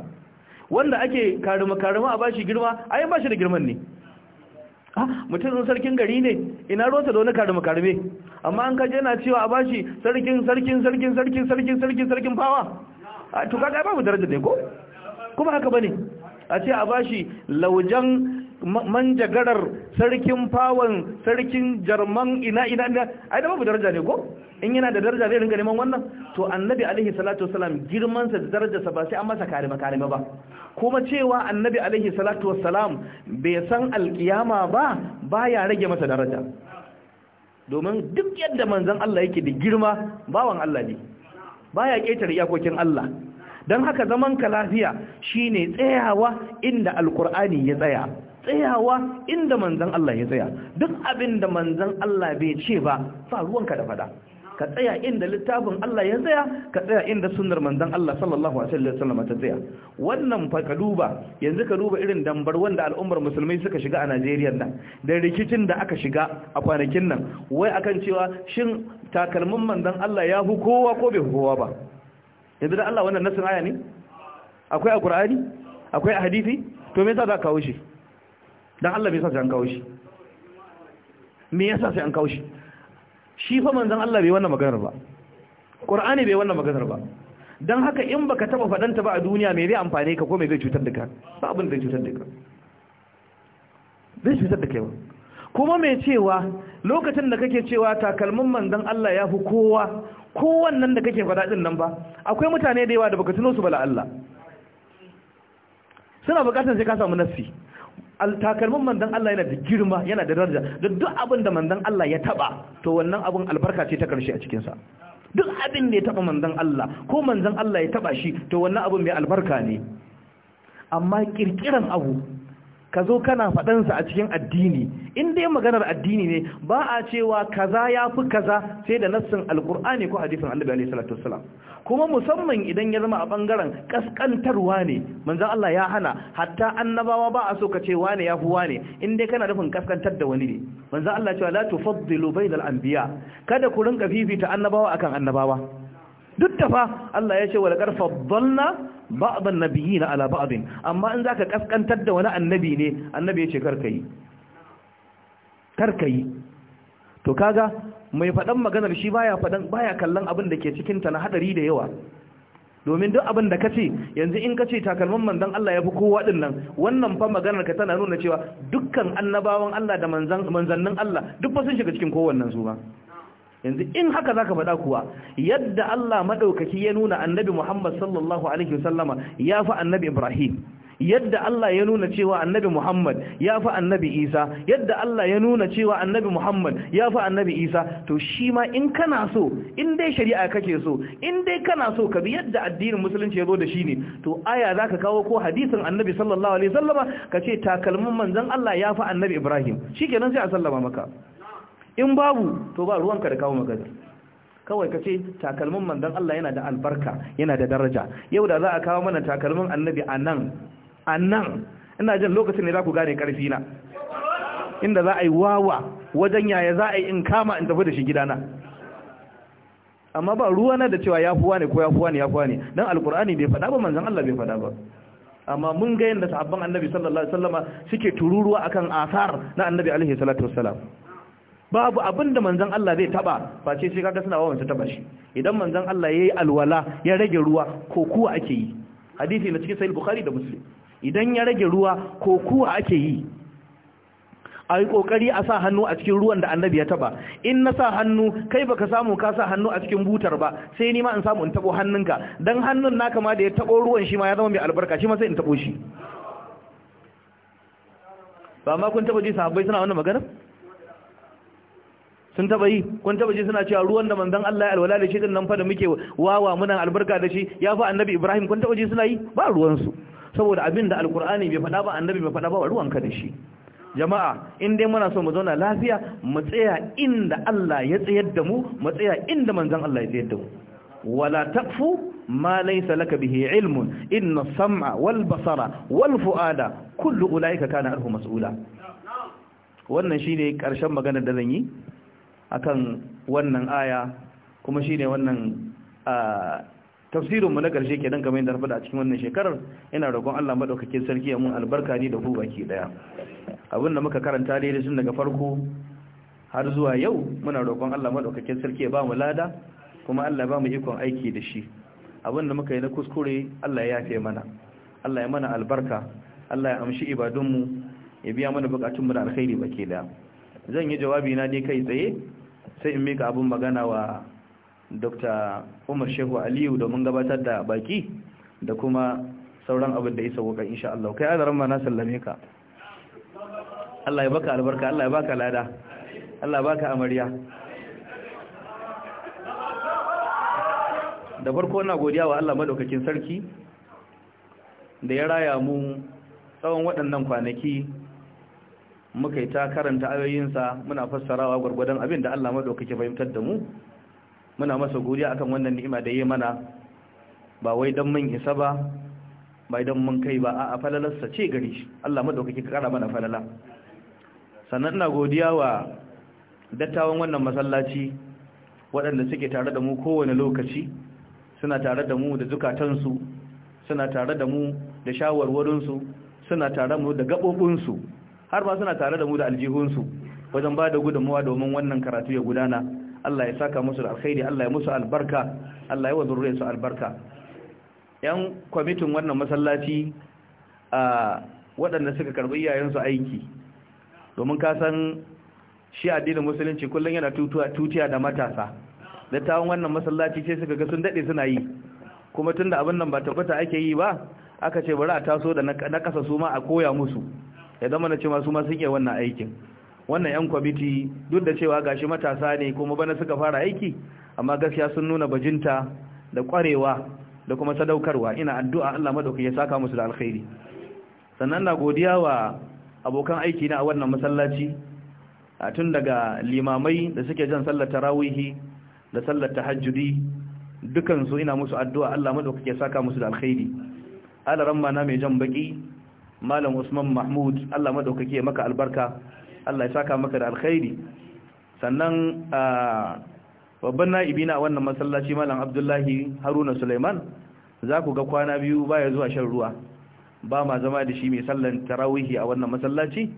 wanda ake karuma karuma a bashi girma ai ba shi da girman ne ah, mutum sarkin gari ne ina ruwansa da wani karima karame amma an kaje yana cewa a bashi sarkin sarkin sarkin sarkin sarkin sarkin sarkin fawa a ah, to kaga babu daraja ne ko kuma haka bane a ce a bashi laujan manjagarar sarkin fawon sarkin jarman ina ina ina ai da babu daraja ne ko in yana da daraja zai ringa neman wannan to annabi alaihi salatu wasalam girmansa da darajarsa ba sai an masa karima karima ba kuma cewa annabi alaihi salatu wasalam bai san alkiyama ba baya rage masa daraja domin duk yadda manzon Allah yake da girma bawan Allah ne baya ketare iyakokin Allah dan haka zaman ka lafiya shine tsayawa inda alkur'ani ya tsaya tsayawa inda manzan Allah ya tsaya duk abin da manzan Allah bai ce ba fa ruwanka da fada ka tsaya inda littafin Allah ya tsaya ka tsaya inda sunnar manzan Allah sallallahu alaihi wasallam ta tsaya wannan fa ka duba yanzu ka duba irin dambar wanda al'ummar musulmai suka shiga a Najeriya nan da rikicin da aka shiga a kwanakin nan wai akan cewa shin takalmin manzan Allah ya hu kowa ko bai kowa ba yanzu da Allah wannan nasin aya ne akwai a akwai a hadisi to me yasa za ka kawo shi dan Allah bai sa sai an kawo shi me yasa sai an kawo shi shi fa manzon Allah bai wannan maganar ba Qur'ani bai wannan maganar ba dan haka in baka taba faɗanta ba a duniya me zai amfane ka ko me zai cutar da ka ba abin da zai cutar da ka zai cutar da kai kuma mai cewa lokacin da kake cewa takalmin manzon Allah ya fi kowa wannan da kake faɗa din nan ba akwai mutane da yawa da baka tuno su ba la Allah suna bukatar sai ka samu nassi altakalmin mandan Allah yana da girma yana da daraja da duk abin da mandan Allah ya taba to wannan abin albarka ce ta karshe a cikinsa duk abin da ya taba mandan Allah ko mandan Allah ya taba shi to wannan abin mai albarka ne amma kirkiran abu ka zo kana faɗansa a cikin addini in dai maganar addini ne ba a cewa kaza ya fi kaza sai da nassin alkur'ani ko hadisin annabi alaihi salatu wasalam kuma musamman idan ya zama a bangaren kaskantarwa ne manzon Allah ya hana hatta annabawa ba a so ka ce wane ya fi wane in dai kana nufin kaskantar da wani ne manzon Allah cewa la tufaddilu bainal anbiya kada ku rinka fifita annabawa akan annabawa duk da fa Allah ya ce wa laqad faddalna ba'dhan nabiyina ala ba'd amma in zaka kaskantar da wani annabi ne annabi ya ce karkayi karkayi yi to kaga mai fadan maganar shi baya fadan baya kallon abin da ke cikin ta na hadari da yawa domin duk abin da ka ce yanzu in ka ce takalman manzon Allah ya fi kowa din nan wannan fa maganar ka tana nuna cewa dukkan annabawan Allah da manzannin Allah duk ba sun shiga cikin kowannen su ba yanzu in haka zaka faɗa kuwa yadda Allah madaukaki ya nuna annabi Muhammad sallallahu alaihi wasallama ya annabi Ibrahim yadda Allah ya nuna cewa annabi Muhammad ya fi annabi Isa yadda Allah ya nuna cewa annabi Muhammad ya fi annabi Isa to shi ma in kana so in dai shari'a kake so in dai kana so ka bi yadda addinin musulunci ya zo da shi ne to aya za ka kawo ko hadisin annabi sallallahu alaihi sallama ka ce takalmin manzon Allah ya fi annabi Ibrahim shikenan sai a sallama maka in babu to ba ruwanka da kawo magana kawai ka ce takalmin mandan Allah yana da albarka yana da daraja yau da za a kawo mana takalmin annabi a nan a nan ina jin lokacin ne za ku gane karfi na inda za a yi wawa wajen yaya za a yi in kama in tafi da shi gidana amma ba ruwa na da cewa ya fuwa ne ko ya fuwa ne ya fuwa ne don alkur'ani bai faɗa ba manzan Allah bai faɗa ba amma mun ga yadda sahabban annabi sallallahu alaihi wasallama suke tururuwa akan asar na annabi alaihi salatu wasallam babu abin da manzan Allah zai taba face sai kaga suna wawanta taba shi idan manzan Allah yayi alwala ya rage ruwa ko kuwa ake yi hadisi na cikin sahih bukhari da muslim idan ya rage ruwa ko kuwa ake yi a yi kokari a sa hannu a cikin ruwan da annabi ya taba in na sa hannu kai baka samu ka sa hannu a cikin butar ba sai ni ma in samu in tabo hannunka dan hannun naka ma da ya tabo ruwan shi ma ya zama mai albarka shi ma sai in tabo shi ba ma kun taba ji sahabbai suna wannan maganar sun taba yi kun taba ji suna cewa ruwan da manzon Allah ya alwala da shi din nan fa da muke wawa muna albarka da shi ya fa annabi Ibrahim kun taba ji suna yi ba ruwan su saboda abin da alkur'ani bai faɗa ba annabi bai faɗa ba ruwanka da shi jama'a in dai muna so mu zauna lafiya mu tsaya inda Allah ya tsayar da mu mu tsaya inda manzon Allah ya tsayar da mu wala taqfu ma laysa laka bihi ilmun inna sama wal basara wal fu'ada kullu ulaika kana arhu mas'ula wannan shine karshen maganar da zan yi akan wannan aya kuma shine wannan tafsirin mu na ƙarshe kenan game da rafa a cikin wannan shekarar ina roƙon Allah madaukakin sarki ya mun albarka ni da ku baki daya abin da muka karanta daidai tun daga farko har zuwa yau muna roƙon Allah madaukakin sarki ya ba mu lada kuma Allah ba mu ikon aiki da shi abin da muka yi na kuskure Allah ya yafe mana Allah ya mana albarka Allah ya amshi ibadunmu ya biya mana bukatunmu da alkhairi baki daya zan yi jawabi na dai kai tsaye sai in mika abin magana wa dr umar shehu aliyu domin gabatar da baki da kuma sauran abin da isa wuka insha Allah kai azaran ma na sallame ka Allah ya baka albarka Allah ya baka lada Allah ya baka amarya da farko na godiya wa Allah madaukakin sarki da ya raya mu tsawon waɗannan kwanaki muka yi ta karanta ayoyinsa muna fassarawa gwargwadon abin da Allah ke fahimtar da mu muna masa godiya akan wannan ni'ima da ya mana ba wai dan mun isa ba ba dan mun kai ba a'a falalarsa ce gari Allah madaukake ka kara mana falala sannan ina godiya wa dattawan wannan masallaci waɗanda suke tare da mu kowane lokaci suna tare da mu da zukatansu suna tare da mu da shawarwarinsu suna tare mu da gaɓoɓinsu har ma suna tare da mu da aljihunsu wajen ba da gudunmawa domin wannan karatu ya gudana Allah ya saka musu da alkhairi Allah ya musu albarka Allah ya wa zurriyarsu albarka yan kwamitin wannan masallaci a waɗanda suka karɓi iyayensu aiki domin ka san shi addinin musulunci kullum yana tutiya da matasa da tawon wannan masallaci sai suka ga sun daɗe suna yi kuma tunda abin nan ba tabbata ake yi ba aka ce bari a taso da na ƙasa su ma a koya musu ya zama na cewa su masu suke wannan aikin wannan yan kwamiti duk da cewa gashi matasa ne kuma bana suka fara aiki amma gaskiya sun nuna bajinta da kwarewa da kuma sadaukarwa ina addu'a Allah madauki ya saka musu da alkhairi sannan na godiya wa abokan aiki na a wannan masallaci a tun daga limamai da suke jan sallar tarawihi da sallar tahajjudi su ina musu addu'a Allah madauki ya saka musu da alkhairi Alaramma na mai jan baki malam usman mahmud allah maɗaukaki ya maka albarka allah ya saka maka da alkhairi sannan babban na'ibi na wannan masallaci malam abdullahi haruna suleiman za ku ga kwana biyu baya zuwa shan ruwa ba ma zama da shi mai sallan tarawihi a wannan masallaci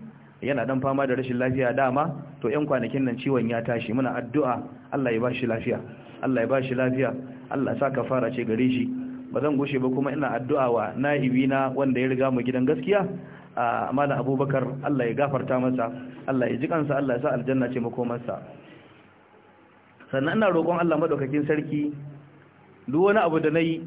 yana dan fama da rashin lafiya dama to yan kwanakin nan ciwon ya tashi muna addu'a Allah ya ba shi lafiya Allah ya ba shi lafiya Allah sa fara ce gare shi ba zan gushe ba kuma ina addu'a wa naibina wanda ya riga mu gidan gaskiya a malam abubakar Allah ya gafarta masa Allah ya ji kansa Allah ya sa aljanna ce makomarsa sannan ina roƙon Allah madaukakin sarki duk wani abu da na yi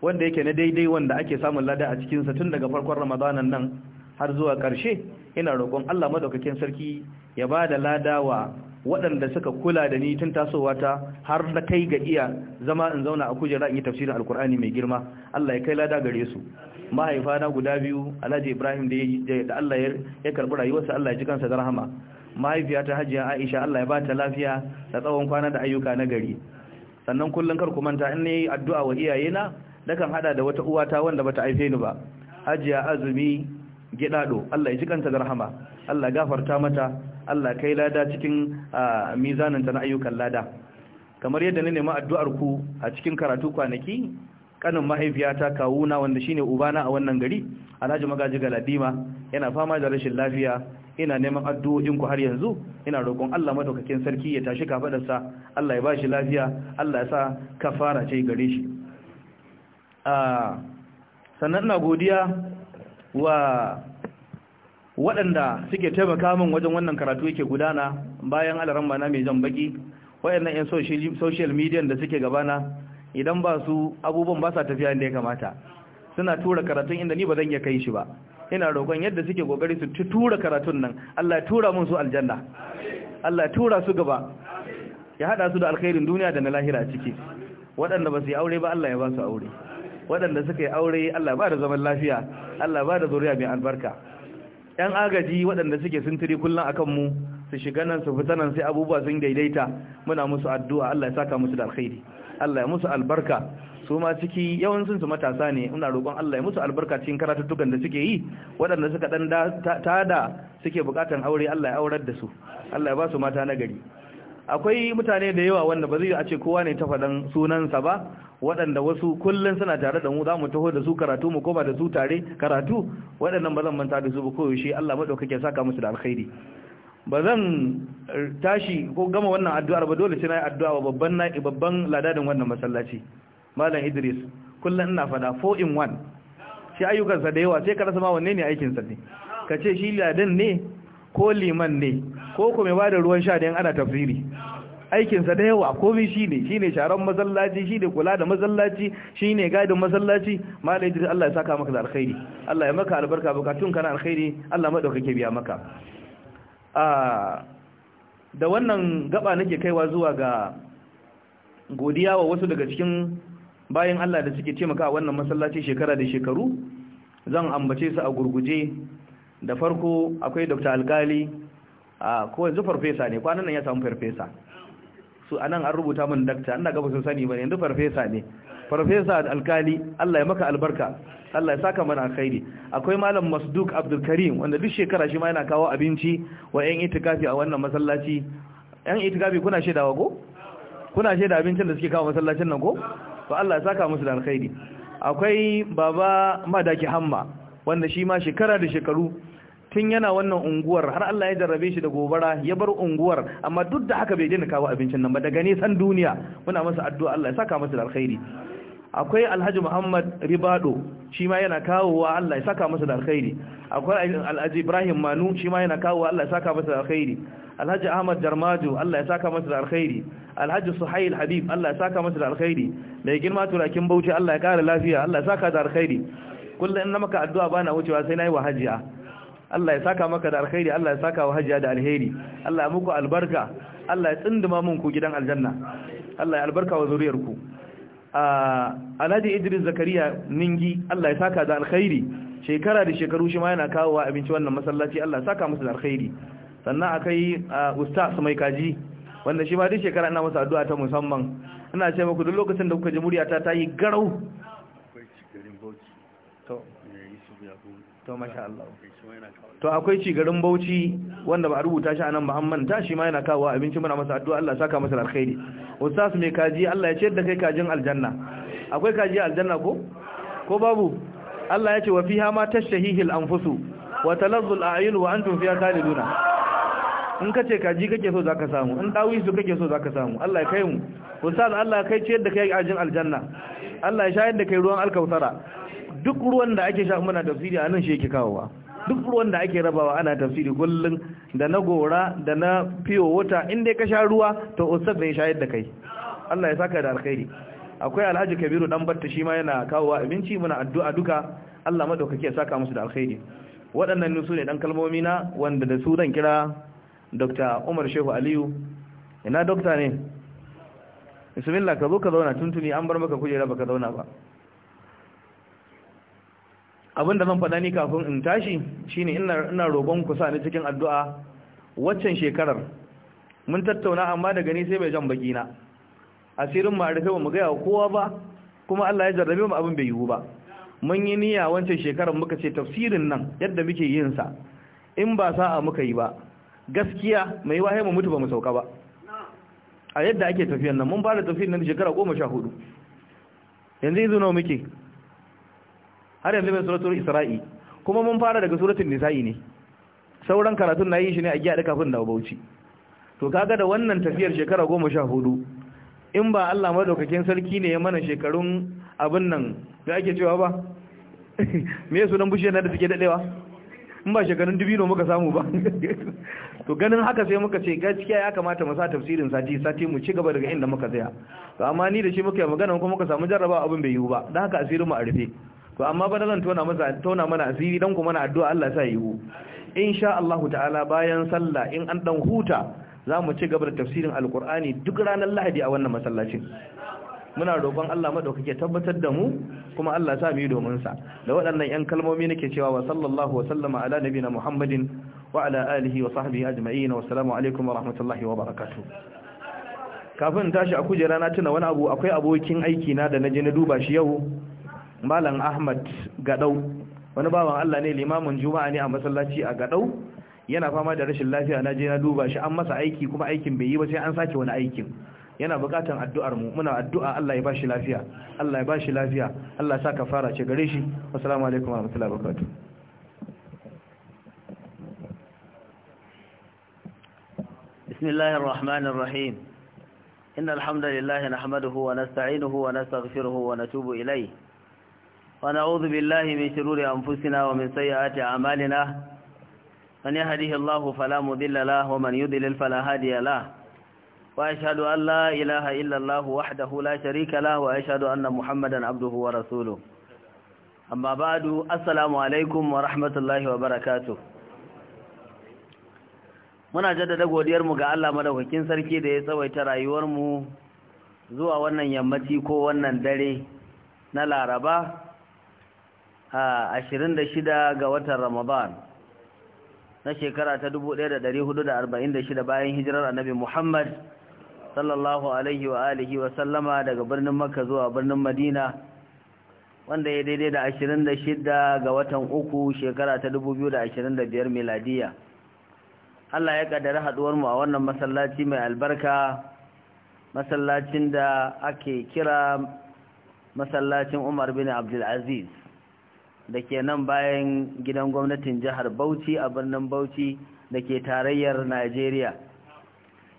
wanda yake na daidai wanda ake samun lada a cikin tun daga farkon ramadanan nan har zuwa ƙarshe ina roƙon Allah maɗaukakin sarki ya bada lada wa waɗanda suka kula da ni tun tasowa ta har na kai ga iya zama in zauna a kujera in yi tafsirin alkur'ani mai girma Allah ya kai lada gare su mahaifa na guda biyu Alhaji Ibrahim da da Allah ya karbi rayuwarsa Allah ya ji kansa da rahama mahaifiyata Hajiya Aisha Allah ya ba ta lafiya da tsawon kwana da ayyuka na gari sannan kullum kar ku manta in yi addu'a wa iyayena kan hada da wata uwata wanda bata aife ni ba Hajiya Azumi gidado Allah ya ji kanta da rahama Allah gafarta mata Allah kai lada cikin mizaninta na ayyukan lada kamar yadda ne nema addu'ar ku a cikin karatu kwanaki kanin mahaifiyata kawuna wanda shine ubana a wannan gari Alhaji Magaji Galadima yana fama da rashin lafiya ina neman addu'o'in ku har yanzu ina roƙon Allah madaukakin sarki ya tashi kafadarsa Allah ya bashi lafiya Allah ya sa kafara ce gare shi sannan ina godiya wa waɗanda suke taimaka min wajen wannan karatu yake gudana bayan alaran bana mai jan baki waɗannan 'yan social media da suke gabana idan ba su abubuwan ba sa tafiya inda ya kamata suna tura karatun inda ni ba zan iya kai shi ba ina roƙon yadda suke ƙoƙari su tura karatun nan Allah ya tura mun su aljanna Allah ya tura su gaba ya hada su da alkhairin duniya da na lahira ciki waɗanda ba su yi aure ba Allah ya ba su aure waɗanda suka yi aure Allah ba da zaman lafiya Allah ba da zuriya mai albarka yan agaji waɗanda suke sintiri kullum a kanmu su shiga nan su fita nan sai abubuwa sun daidaita muna musu addu'a Allah ya saka musu da alkhairi Allah ya musu albarka su ma ciki yawancin su matasa ne muna roƙon Allah ya musu albarka cikin karatuttukan da suke yi waɗanda suka ɗan tada suke buƙatan aure Allah ya aurar da su Allah ya ba su mata nagari. akwai mutane da yawa wanda ba zai a ce kowa ne ta faɗan sunansa ba waɗanda wasu kullum suna tare da mu za mu taho da su karatu mu koma da su tare karatu waɗannan ba zan manta da su ba shi Allah maɗaukake saka musu da alkhairi ba zan tashi ko gama wannan addu'ar ba dole sai na yi addu'a wa babban na'i babban ladadin wannan masallaci malam Idris kullum ina faɗa 4 in 1 shi ayyukansa da yawa sai ka rasa ma wanne ne aikinsa ne ka ce shi ladan ne ko liman ne ko kuma ba da ruwan sha da ana tafsiri aikinsa da yawa komai shi ne shi ne sharan masallaci shi ne kula da masallaci shi ne gadin masallaci malai jiri Allah ya saka maka da alkhairi Allah ya maka albarka bukatun kana alkhairi Allah madaukake biya maka ah, da wannan gaba nake kaiwa zuwa ga godiya wa wasu daga cikin bayan Allah da suke taimaka maka wannan masallaci shekara da shekaru zan ambace su a gurguje da farko akwai dr alkali a ko yanzu farfesa ne kwanan nan ya samu farfesa su anan an rubuta min dakta ina gaba sun sani ba yanzu farfesa ne farfesa alkali Allah ya maka albarka Allah ya saka mana alkhairi akwai malam Masduk Abdul Karim wanda duk shekara shi ma yana kawo abinci wa yan itikafi a wannan masallaci Yan itikafi kuna shedawa ko kuna shaida abincin da suke kawo masallacin nan ko to Allah ya saka musu da alkhairi akwai baba Madaki Hamma wanda shi ma shekara da shekaru tun yana wannan unguwar har Allah ya jarrabe shi da gobara ya bar unguwar amma duk da haka bai daina kawo abincin nan ba daga nisan duniya muna masa addu'a Allah ya saka masa da alkhairi akwai Alhaji Muhammad Ribado shi ma yana kawowa Allah ya saka masa da alkhairi akwai Alhaji Ibrahim Manu shi ma yana kawowa Allah ya saka masa da alkhairi Alhaji Ahmad Jarmaju Allah ya saka masa da alkhairi Alhaji Suhail Habib Allah ya saka masa da alkhairi mai girma turakin Bauchi Allah ya kara lafiya Allah ya saka da alkhairi kullum na maka addu'a ba na wucewa sai na yi wa hajiya Allah ya saka maka da alkhairi Allah ya saka wa hajiya da alheri Allah ya muku albarka Allah ya tsinduma mun ku gidan aljanna Allah ya albarka wa zuriyarku. ku Alhaji Idris Zakariya Ningi Allah ya saka da alkhairi shekara da shekaru shi ma yana kawowa abinci wannan masallaci Allah ya saka musu da alkhairi sannan akai Ustaz Mai Kaji wanda shi ma duk shekara ina masa addu'a ta musamman ina ce muku duk lokacin da kuka ji muryata ta yi garau to masha Allah to akwai ci garin Bauchi wanda ba rubuta shi anan Muhammad ta shi ma yana kawo abinci muna masa addu'a Allah saka masa alkhairi ustaz mai kaji Allah ya ce da kai kajin aljanna akwai kaji aljanna ko ko babu Allah ya ce wa fiha ma tashahihil anfusu wa talazzu al-a'yun wa antum fiha taliduna in ka ce kaji kake so zaka samu in su kake so zaka samu Allah ya kai mu ustaz Allah ya kai ce da kai kajin aljanna Allah ya shayar da kai ruwan alkausara duk ruwan da ake sha muna tafsiri a nan shi yake kawowa duk ruwan da ake rabawa ana tafsiri kullum da na gora da na fiyo wata inda ka sha ruwa to ustaz ne shayar da kai Allah ya saka da alkhairi akwai Alhaji Kabiru dan Batta shi ma yana kawowa abinci muna addu'a duka Allah madaukake ya saka musu da alkhairi waɗannan su ne dan kalmomi na wanda da su dan kira Dr. Umar Shehu Aliyu ina doctor ne bismillah ka zo ka zauna tuntuni an bar maka kujera baka zauna ba abin da zan faɗa ni kafin in tashi shine ina ina roƙon ku sa ni cikin addu'a waccan shekarar mun tattauna amma daga ni sai bai jan baki na asirin mu rufe mu ga kowa ba kuma Allah ya jarrabe mu abin bai yiwu ba mun yi niyya wancan shekarar muka ce tafsirin nan yadda muke yin sa in ba sa'a muka yi ba gaskiya mai wahayi mu mutu ba mu sauka ba a yadda ake tafiyan nan mun fara tafiyan nan shekara 14 yanzu yanzu nawa muke har yanzu bai suratul isra'i kuma mun fara daga suratul nisa'i ne sauran karatun na yi shi ne a giya da kafin da bauchi to kaga da wannan tafiyar shekara goma sha hudu in ba Allah madaukakin sarki ne ya mana shekarun abin nan da ake cewa ba *laughs* me sunan bushe na da suke dadewa in ba shekarun dubi ne muka samu ba *laughs* to ganin haka sai muka ce gaskiya ya kamata mu sa tafsirin sati sati mu ci gaba daga inda muka tsaya to amma ni da shi muka yi magana kuma muka samu jarraba abin bai yiwu ba dan haka asirin mu a rufe to amma ba zan tona masa tona mana asiri dan kuma na addu'a Allah sa yiwu insha Allah ta'ala bayan sallah in an dan huta zamu ci gaba da tafsirin alqur'ani duk ranar lahadi a wannan masallacin muna roƙon Allah madaukake tabbatar da mu kuma Allah sa mu domin sa da waɗannan ƴan kalmomi nake cewa wa sallallahu wa sallama ala nabina Muhammadin wa ala alihi wa sahbihi ajma'in wa assalamu alaikum wa rahmatullahi wa barakatuh kafin tashi a kujera na tuna wani abu akwai abokin aiki na da naje na duba shi yau malam ahmad gadau wani bawan allah ne limamin juma'a ne a masallaci a gadau yana fama da rashin lafiya na je na duba shi an masa aiki kuma aikin bai yi ba sai an sake wani aikin yana bukatan addu'ar mu muna addu'a Allah ya bashi lafiya Allah ya bashi lafiya Allah ya saka fara ce gare shi assalamu alaikum wa rahmatullahi wa barakatuh bismillahir rahmanir rahim innal hamdalillah nahmaduhu wa nasta'inuhu wa nastaghfiruhu wa natubu ilayhi ونعوذ بالله من شرور أنفسنا ومن سيئات عمالنا من يهديه الله فلا مذل له ومن يذلل فلا هادي له وأشهد أن لا إله إلا الله وحده لا شريك له وأشهد أن محمدا عبده ورسوله أما بعد السلام عليكم ورحمة الله وبركاته muna jaddada godiyarmu ga Allah madaukakin sarki da ya tsawaita rayuwarmu zuwa wannan yammaci ko wannan dare na Laraba ashirin da shida ga watan Ramadan na shekara ta dubu ɗaya da da da arba'in da shida bayan hijirar annabi Muhammad sallallahu alaihi wa alihi wa sallama daga birnin Makka zuwa birnin Madina wanda ya daidai da ashirin da shida ga watan uku shekara ta dubu biyu da da biyar miladiya Allah ya kaddara haduwar mu a wannan masallaci mai albarka masallacin da ake kira masallacin Umar bin Abdul Aziz da ke nan bayan gidan gwamnatin jihar Bauchi a birnin Bauchi da ke tarayyar Najeriya.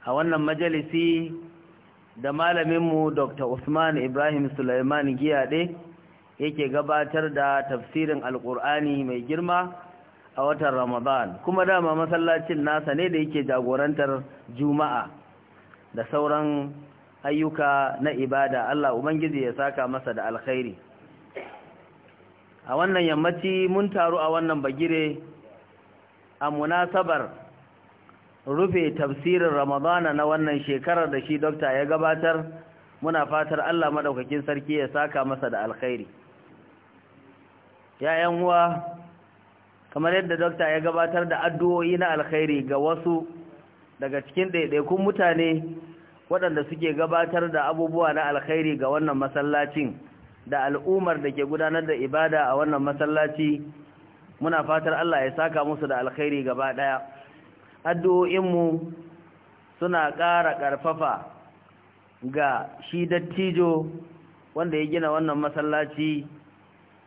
A wannan majalisi da malaminmu Dr. Usman Ibrahim Sulaiman Giyaɗe yake gabatar da tafsirin Alƙur'ani mai girma a watan Ramadan, kuma dama masallacin nasa ne da yake jagorantar Juma'a da sauran ayyuka na ibada Allah Ubangiji ya saka masa da alkhairi. a wannan yammaci mun taru a wannan bagire a munasabar rufe tafsirin ramadana na wannan shekarar da shi dokta ya gabatar muna fatar Allah maɗaukakin sarki ya saka masa da alkhairi yayan uwa kamar yadda dokta ya gabatar da addu'o'i na alkhairi ga wasu daga cikin ɗaiɗaikun mutane waɗanda suke gabatar da abubuwa na alkhairi ga wannan masallacin da al'ummar da ke gudanar da ibada a wannan masallaci muna fatar Allah ya saka musu da alkhairi gaba daya addu'o'inmu suna ƙara ƙarfafa ga shi dattijo wanda ya gina wannan masallaci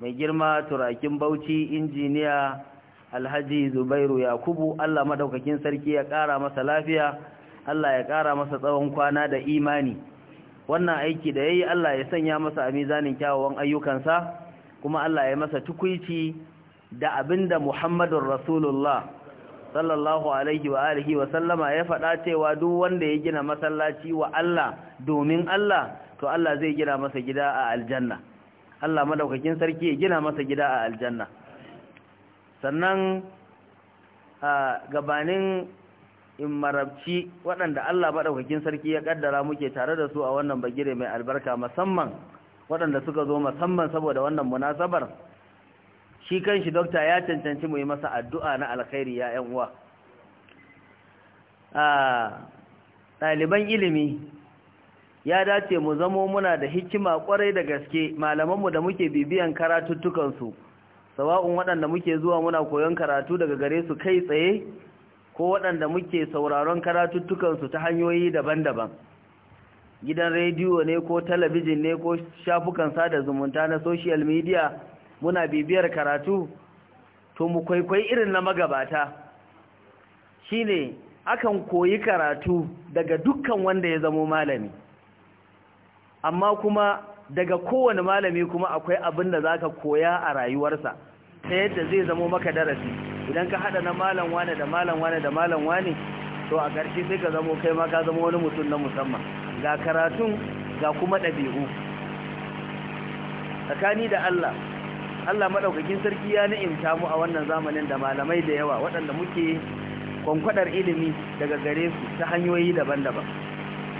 mai girma turakin bauchi injiniya alhaji zubairu yakubu Allah madaukakin sarki ya ƙara masa lafiya Allah ya ƙara masa tsawon kwana da imani wannan aiki da ya yi Allah ya sanya masa a mizanin kyawawan ayyukansa kuma Allah ya masa tukuici da abinda Muhammadur Rasulullah sallallahu alaihi wa alihi wa sallama ya faɗa cewa duk wanda ya gina masallaci wa Allah domin Allah to Allah zai gina masa gida a aljanna Allah madaukakin sarki ya gina masa gida a aljanna sannan gabanin in marabci waɗanda Allah maɗaukakin sarki ya ƙaddara muke tare da su a wannan bagire mai albarka musamman waɗanda suka zo musamman saboda wannan munasabar shi kanshi dokta ya cancanci mu yi masa addu'a na alkhairi ya ‘yan uwa ah, ɗaliban ilimi ya dace mu zamo muna da hikima kwarai da gaske malamanmu da muke bibiyan karatuttukansu sawa'un waɗanda muke zuwa muna koyon karatu daga gare su kai tsaye ko waɗanda muke sauraron karatuttukansu ta hanyoyi daban-daban gidan rediyo ne ko talabijin ne ko shafukan sada zumunta na social media muna bibiyar karatu to mu kwaikwai irin na magabata shine akan koyi karatu daga dukkan wanda ya zamo malami amma kuma daga kowane malami kuma akwai abin da ka koya a rayuwarsa ta yadda zai zamo maka darasi idan ka hada na malam wane da malam wane da malam wane to a ƙarshe sai ka zamo kai ma ka zama wani mutum na musamman ga karatun ga kuma ɗabi'u tsakani da Allah Allah maɗaukakin sarki ya ni'imta mu a wannan zamanin da malamai da yawa waɗanda muke kwankwadar ilimi daga gare su ta hanyoyi daban-daban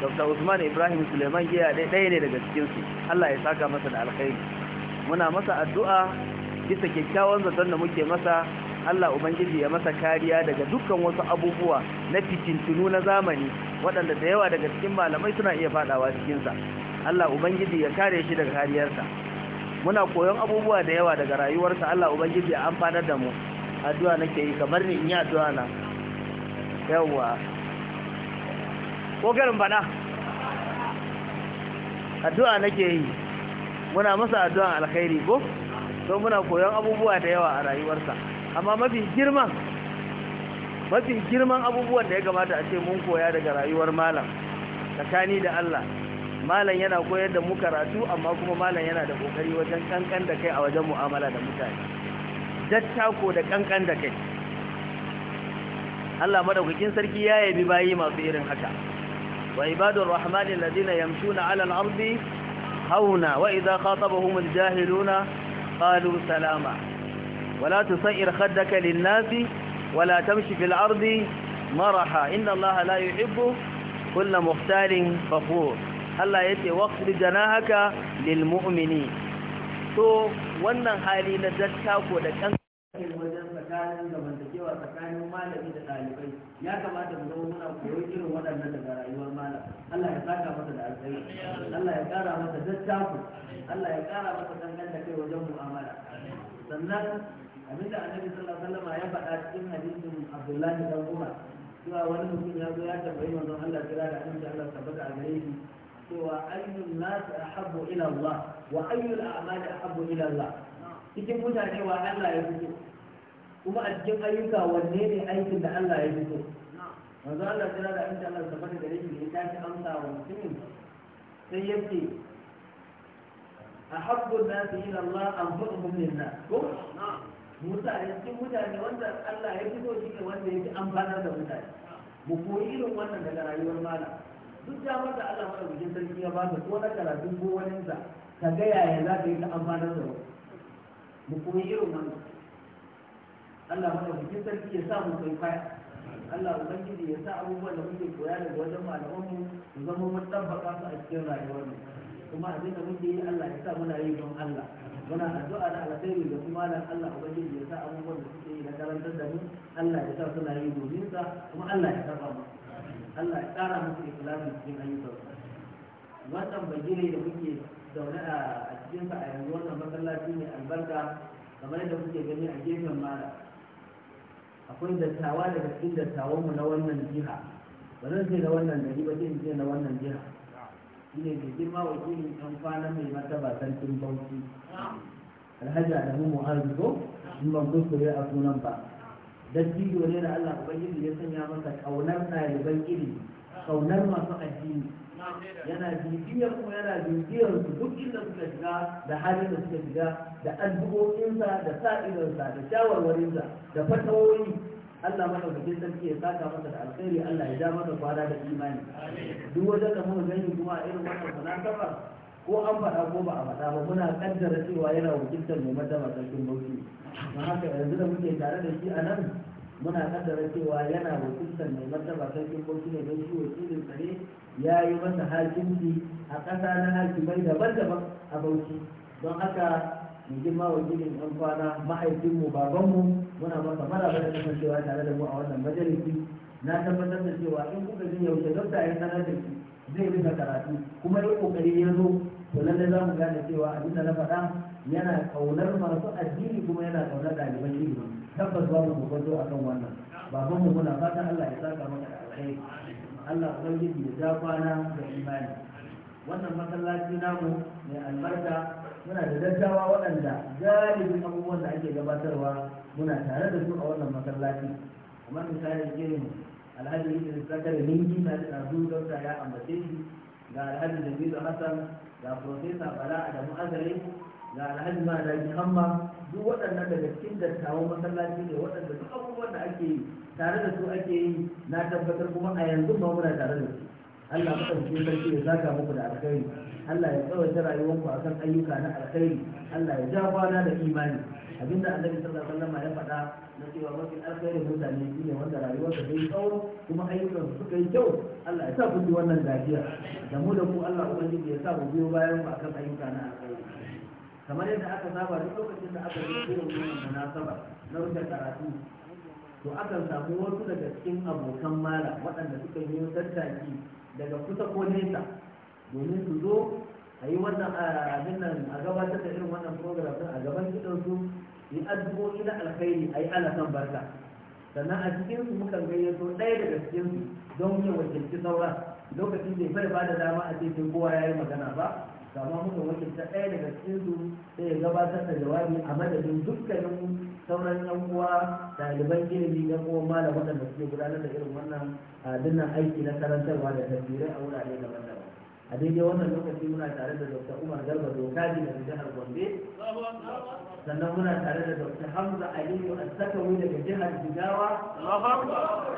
Dr. Usman Ibrahim Suleiman Giya ɗaya ne daga cikinsu Allah ya saka masa da alkhairi muna masa addu'a bisa kyakkyawan zaton da muke masa Allah Ubangiji ya masa kariya daga dukkan wasu abubuwa na fitintunu na zamani waɗanda da yawa daga cikin malamai suna iya faɗawa cikinsa Allah Ubangiji ya kare shi daga kariyarsa muna koyon abubuwa da yawa daga rayuwarsa Allah Ubangiji ya amfanar da mu addu'a nake yi kamar ni in yi addu'a na Yawwa, ko garin bana addu'a nake yi muna masa addu'an alkhairi ko don muna koyon abubuwa da yawa a rayuwarsa amma mafi girman mafi girman abubuwan da ya kamata a ce mun koya daga rayuwar malam tsakani da Allah malam yana koyar da mu karatu amma kuma malam yana da kokari wajen kankan da kai a wajen mu'amala da mutane dattako da kankan da kai Allah madaukakin sarki ya yabi bayi masu irin haka wa ibadur rahmanil ladina yamshuna al ardi hauna wa idza khatabahumul jahiluna qalu salama ولا تسير خدك للناس ولا تمشي في الأرض مرحا إن الله لا يحب كل مختال فخور الله يتي وقت جناحك للمؤمنين to wannan hali na dattako da kan wajen tsakanin zamantakewa tsakanin malami da ɗalibai ya kamata mu zama muna koyo irin waɗannan daga rayuwar malam Allah ya saka masa da alkhairi Allah ya ƙara masa dattako Allah ya ƙara masa dangan kai wajen mu'amala sannan abinda annabi sallallahu alaihi wasallam ya faɗa cikin hadisin Abdullahi dan Umar cewa wani mutum ya zo ya tambayi manzon Allah kira da annabi Allah tabbata a gare shi cewa ayyun nas ahabbu ila Allah wa ayyul a'mali ahabbu ila Allah cikin mutane wa Allah ya fito kuma a cikin ayyuka wanne ne aikin da Allah ya fito manzon Allah kira da annabi Allah tabbata gare shi ya tashi amsa wa mutumin sai ya yake أحب الناس إلى الله أنفقهم للناس mutane cikin mutane wanda Allah ya fito shi ne wanda ya fi amfanar da mutane mu koyi irin wannan daga rayuwar malam duk damar da Allah madaukakin sarki ya ba baka ko na karatu ko waninsa ka ga yaya za ka yi ka amfanar da mu. mu koyi irin wannan Allah madaukakin sarki ya sa mu kai faya Allah ubangiji ya sa abubuwan da muke koya daga wajen malamanmu mu zama mun tabbata su a cikin rayuwar mu kuma abin da muke yi Allah ya sa muna yi don Allah muna addu'a da alkhairi da kuma da Allah ubangiji ya sa abubuwan da suke yi na karantar da mu Allah ya sa suna yi domin sa kuma Allah ya saba mu Allah ya tsara musu ikhlasin cikin ayyukan wannan bagire da muke zaune a cikin sa a yanzu wannan masallaci ne albarka kamar yadda muke gani a gefen mara akwai dattawa daga cikin dattawan mu na wannan jiha ba zan ce na wannan gari ba zai ce na wannan jiha shine mai girma wakilin kan kwana mai san sarkin bauchi alhaji adamu mu ko in ban kuskure a sunan ba dattijo ne da allah ubangiji ya sanya masa kaunar ɗaliban iri kaunar masu addini yana bibiyar kuma yana bibiyar su duk inda suka shiga da halin da suka shiga da addu'o'insa da sa'idarsa da shawarwarinsa da fatawoyi Allah madaukakin sarki ya saka masa da alkhairi Allah ya ja masa kwana da imani duk wajen da muka gani kuma a irin wannan munasaba ko an faɗa ko ba a faɗa ba muna kaddara cewa yana wakiltar mai madama sarkin bauchi don haka yanzu da muke tare da shi a nan muna kaddara cewa yana wakiltar mai martaba sarkin bauchi ne don shi wakilin tsare ya yi masa hakimci a ƙasa na hakimai daban-daban a bauchi don haka mu ji ma wajibin ɗan kwana mahaifinmu babanmu muna masa maraba da kasancewa tare da mu a wannan majalisi na tabbatar da cewa in kuka ji yaushe dokta ya sanar da zai rika karatu kuma ya kokari ya zo to lallai za mu gane cewa abin da na faɗa yana kaunar masu addini kuma yana kaunar ɗaliban ilimi tabbas ba mu a kan wannan babanmu muna fatan Allah ya saka maka da alheri Allah ubangiji ya ja kwana da imani wannan masallaci namu mai albarka muna da dattawa waɗanda galibin abubuwan da ake gabatarwa muna tare da su a wannan masallaci kamar misali irin alhaji idris zakari ninki na da ɗazu dauka ya ambace shi ga alhaji jamilu hassan ga profesa bala adamu azare ga alhaji malaki hamma duk waɗannan daga cikin dattawan masallaci ne waɗanda duk abubuwan da ake yi tare da su ake yi na tabbatar kuma a yanzu ba muna tare da su Allah mutum ke sarki ya zaka muku da alkhairi Allah ya tsawaita rayuwanku akan ayyuka na alkhairi Allah ya ja kwana da imani abinda annabi sallallahu alaihi wasallam ya faɗa na cewa mafi alkhairin mutane shine wanda rayuwarsa ta yi tsawo kuma ayyukan suka yi kyau Allah ya sa ku ji wannan gajiya da mu da ku Allah ubangiji ya sa mu biyo bayan ku akan ayyuka na alkhairi kamar yadda aka saba duk lokacin da aka yi irin wannan munasaba na rufe karatu to akan samu wasu daga cikin abokan mala waɗanda suka yi tattaki daga kusa ko nesa domin su zo a yi wannan abin nan a gabatar da irin wannan program a gaban gidansu yi addu'o'i na alkhairi a yi alasan barka sannan a cikin su mukan gayyato ɗaya daga cikin su don ya wakilci sauran lokacin bai fara bada dama a ce kowa ya yi magana ba kama muka wakilta ɗaya daga cikin su sai ya gabatar da jawabi a madadin dukkanin sauran yan uwa ɗaliban ilimi da kuma malam waɗanda suke gudanar da irin wannan dinnan aiki na karantarwa da tafsirai a wurare daban-daban a daidai wannan lokaci muna tare da dr umar garba dokaji daga jihar gombe sannan muna tare da dr hamza aliyu al-sakawi daga jihar jigawa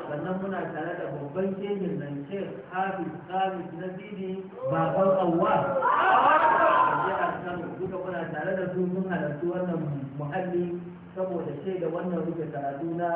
sannan muna tare da babban shehin nan shek hafiz hafiz na zidi baban Awa? awwa jihar kano duka muna tare da su mun halarci wannan muhalli saboda shaida wannan rufe karatu na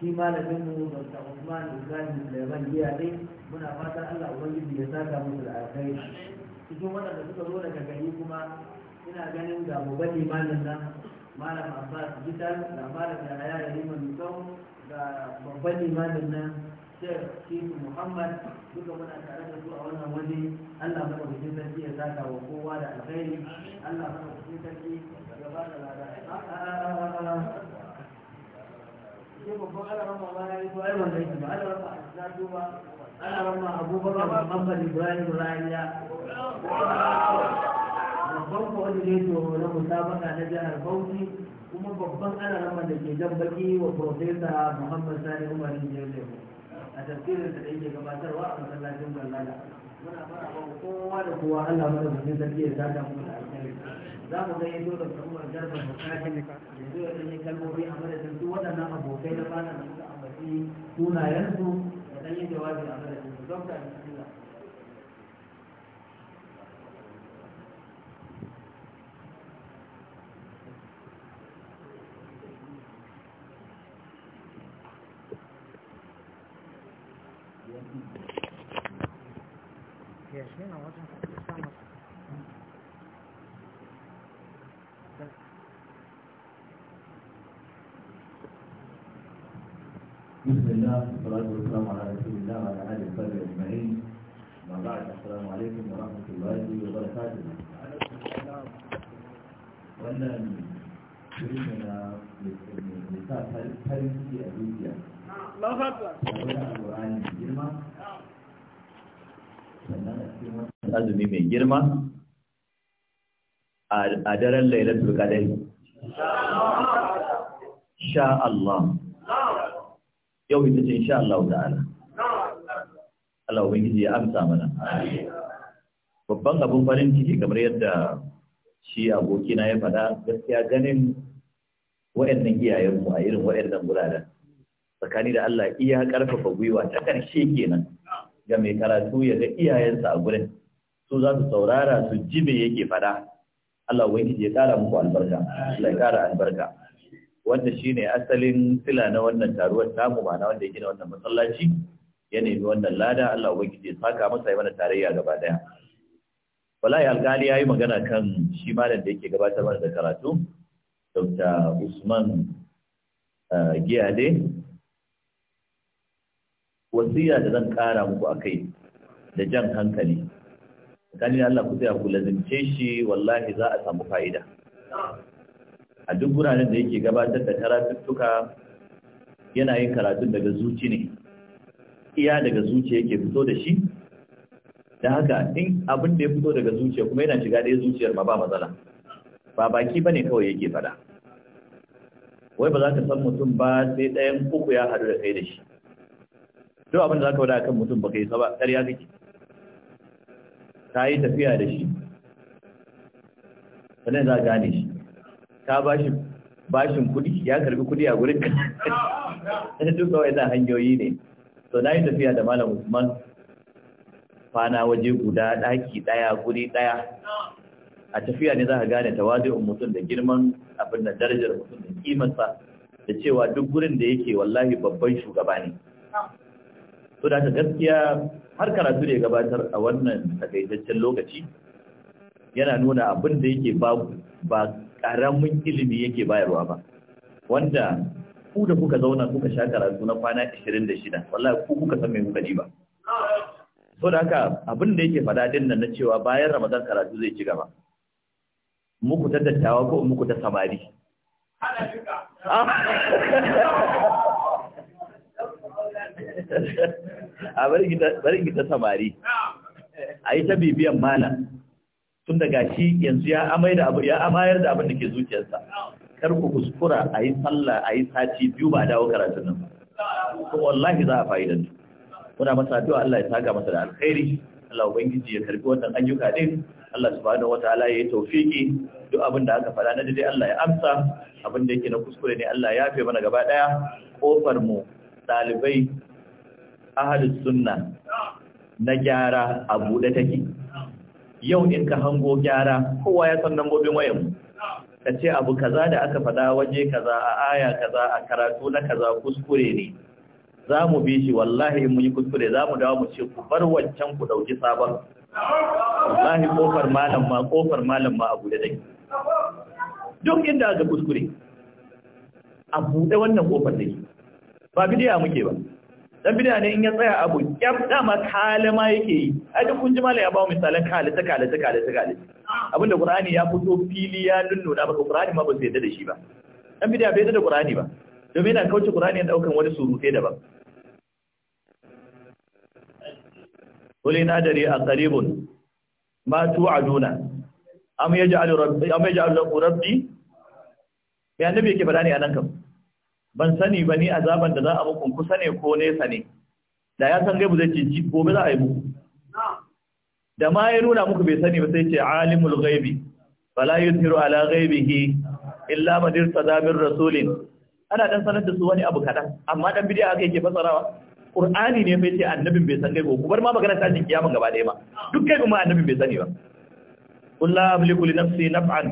shi malamin mu da Usman da Suleiman biya ne muna fata Allah ubangiji ya saka musu da alkhairi cikin waɗanda suka zo daga gari kuma ina ganin ga mubali malam nan malam Abbas Gitan da malam da Haya Liman Musau da babban limamin nan Sheikh Shifu Muhammad duka muna tare da su a wannan waje Allah madaukakin sarki ya saka wa kowa da alkhairi Allah madaukakin sarki ya ba da lada ana rama abubakar muhammad ibrahim babban coordinator na musabaka na jihar bauchi kuma babban ana da ke jan baki wa profesa muhammad sani umar jiyar a tafsirin da yake gabatarwa a masallacin gallada kowa da kowa Allah mada mutum sarki iya zaga mu da alkhairi za mu ga yanzu da kuma garba bukatun yanzu ya ɗanyi kalmomi a madadin duk waɗannan abokai na bana da muka ambaci sunayensu da ɗanyi jawabi a madadin su dokta bismillah Thank you. بسم الله والصلاة والسلام على رسول الله وعلى آله وصحبه أجمعين ما بعد السلام عليكم ورحمة الله وبركاته wannan shirin هل lissafin farin ciki a duniya. azumi mai girma a daren lailatul qadari sha Allah yau ita ce sha Allah ta'ala Allah ubangiji ya amsa mana babban abin farin ciki kamar yadda shi abokina ya faɗa gaskiya ganin wa'annan iyayenmu a irin wa'annan guraren tsakani da Allah iya karfafa gwiwa ta ƙarshe kenan ga mai karatu ya ga iyayensa a gurin su za su saurara su ji me yake fada Allah wani ya ƙara muku albarka Allah ya ƙara albarka wanda shine asalin sila na wannan taruwar tamu na wanda ya na wannan masallaci ya nemi wannan lada Allah wani ya saka masa ya mana tarayya gaba daya wallahi alƙali yi magana kan shi malam da yake gabatar mana da karatu Dr. Usman eh, Giyade wasiya da zan kara muku akai da jan hankali tsakanin Allah ku tsaya ku lazimce shi wallahi za a samu fa'ida a duk guranin da yake gabatar da karatuttuka yana yin karatun daga zuci ne iya daga zuci yake fito da shi da haka in abin da ya fito daga zuciya kuma yana shiga ɗaya zuciyar ba, ba matsala ba baki bane kawai yake faɗa wai ba za ka san mutum ba sai ɗayan uku ya haɗu da kai da shi duk abin da za ka wada kan mutum ba kai sa ba ƙarya kake ka yi tafiya da shi sannan za gane shi ka ba bashin kudi ya karbi kudi a gurin ka *laughs* duk kawai na hanyoyi ne so na yi tafiya da malam usman kwana waje guda daki daya guri daya a tafiya ne za ka gane tawadu'un mutum da girman abin da darajar mutum da kimarsa da cewa duk gurin da yake wallahi babban shugaba ne so da gaskiya har karatu da ya gabatar a wannan takaitaccen lokaci yana nuna abin da yake ba karamin ilimi yake bayarwa ba wanda ku da kuka zauna kuka sha karatu na kwana 26 wallahi ku kuka san me kuka ji ba so da haka abin da yake faɗa din nan na cewa bayan ramadan karatu zai ci gaba muku ta dattawa ko muku ta samari *laughs* a bari gita samari a yi ta bibiyan mana tun daga shi yanzu ya da abu amayar da abin da ke zuciyarsa kar ku kuskura a yi sallah a yi sati biyu ba dawo karatun nan Ko wallahi za a fa'idan muna masa addu'a Allah ya saka masa da alkhairi Allah ubangiji ya karbi wannan ayyuka din Allah subhanahu wataala ya yi tawfiki duk abin da aka fara na dai Allah ya amsa abin da yake na kuskure ne Allah ya yafe mana gaba daya kofar mu dalibai ahalus sunna na gyara a buɗe take yau in ka hango gyara kowa ya san lambobin wayan ka ce abu kaza da aka faɗa waje kaza a aya kaza a karatu na kaza kuskure ne za mu bi shi wallahi in mun yi kuskure za mu dawo mu ce ku bar wancan ku ɗauki sabon wallahi kofar malam ma kofar malam ma a buɗe take duk inda ga kuskure a buɗe wannan kofar take ba bidiya muke ba dan bid'a ne in ya tsaya abu kyam dama kale ma yake yi a duk kun ji malai ya ba mu misalan kale ta kale ta kale ta kale da qur'ani ya fito fili ya nunnuna ba qur'ani ma ba zai yadda da shi ba dan bid'a bai da qur'ani ba domin yana kauce qur'ani da daukan wani surutai daban na dare a aqribun ma tu'aduna am yaj'alu rabbi am yaj'alu rabbi ya annabi yake faɗa ne anan kam ban sani ba ni azaban da za a muku kusa ne ko nesa ne da ya san gaibu zai ce gobe za a yi muku da ma ya nuna muku bai sani ba sai ce alimul ghaibi fala yuzhiru ala ghaibihi illa man irtada bir rasulin ana dan sanar da su wani abu kadan amma dan bidiya aka yake fasarawa qur'ani ne bai ce annabin bai san gaibu ku bar ma magana ta cikin kiyaman gaba daya ma. duk kai kuma annabin bai sani ba kullu amliku li nafsi naf'an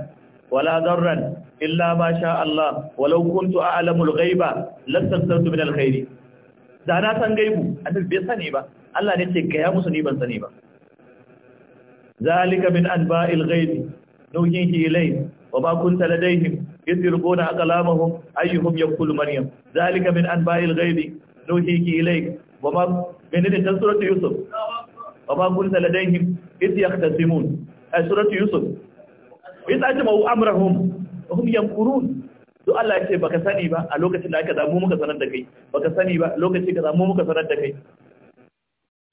ولا ضرا إلا ما شاء الله ولو كنت أعلم الغيب لاستكثرت من الخير da na san gaibu annabi bai sani ba Allah ne ce gaya musu ni ban sani ba zalika min anba'il ghaibi nuhihi ilayhi wa ma kunta ladayhim yusirquna aqlamahum ayyuhum yaqulu maryam zalika min anba'il ghaibi nuhihi ilayhi wa ma menene tan suratu yusuf wa ma kunta ladayhim id suratu yusuf wai ta jima amurahun hum yankurun to Allah ya ce baka sani ba a lokacin da aka zamu muka sanar da kai baka sani ba lokacin da zamu muka sanar da kai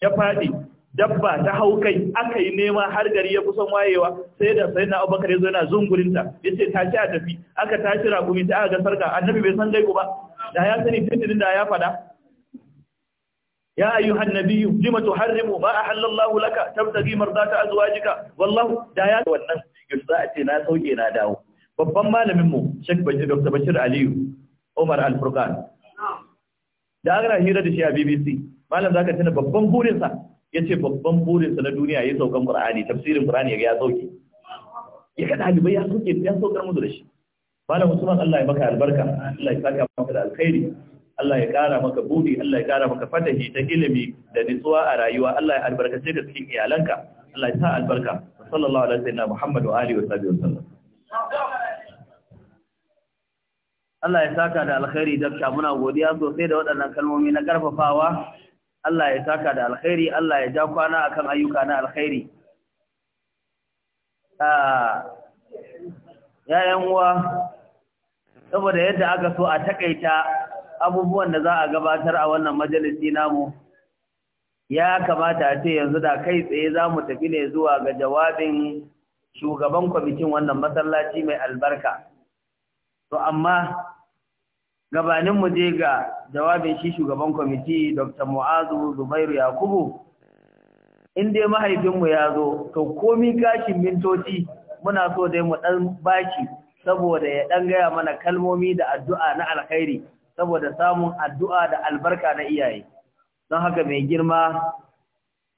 ya fadi dabba ta hau kai aka yi nema har gari ya kusan wayewa sai da sai na abubakar ya zo yana zungurinta ya ce tashi a tafi aka tashi rakumi sai aka ga sarka annabi bai san gaiku ba da ya sani tuntunin da ya fada يا أيها النبي لم تحرم ما أحل الله لك تبتغي مرضات أزواجك والله دايات والناس يستأتي ناس وجينا داو babban malaminmu Sheikh Bashir Dr. Bashir Aliyu Umar Al-Furqan da aka hira da shi a BBC malam zaka tana babban burinsa yace babban burinsa na duniya yayi saukan Qur'ani tafsirin Qur'ani ya sauke ya kada halibai ya ya saukar musu da shi malam Usman Allah ya baka albarka Allah ya saka maka da alkhairi Allah ya kara maka budi Allah ya kara maka fatahi ta ilimi da nutsuwa a rayuwa Allah ya albarkace ka cikin iyalanka Allah ya sa albarka sallallahu alaihi wasallam Muhammad wa alihi wa sallam Allah ya saka da alkhairi dakta muna godiya sosai da waɗannan kalmomi na karfafawa Allah ya saka da alkhairi Allah ya ja kwana akan ayyuka na alkhairi ah, ya uwa saboda yadda aka so a takaita abubuwan da za a gabatar a wannan majalisi namu ya kamata a ce yanzu da kai tsaye za mu tafi ne zuwa ga jawabin shugaban kwamitin wannan masallaci mai albarka to amma gabanin mu je ga jawabin shi shugaban kwamiti Dr. Mu'azu Zubairu Yakubu in dai mahaifinmu ya zo to komi gashin mintoci muna so dai mu ɗan baki, saboda ya ɗan gaya mana kalmomi da addu'a na alkhairi saboda samun addu'a da albarka na iyaye don haka mai girma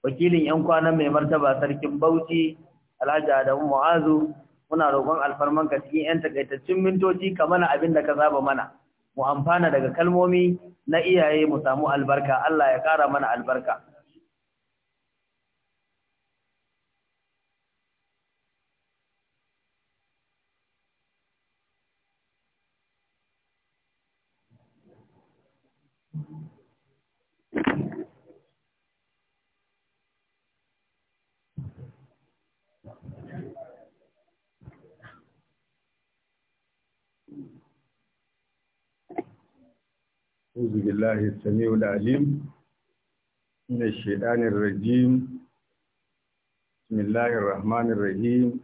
wakilin ‘yan kwanan mai martaba sarkin bauchi alhaji adamu mu'azu muna roƙon alfarmanka cikin ‘yan takaitaccen mintoci ka mana abin da ka zaba mana mu amfana daga kalmomi na iyaye mu samu albarka Allah ya ƙara mana albarka أعوذ بالله السميع العليم من الشيطان الرجيم بسم الله الرحمن الرحيم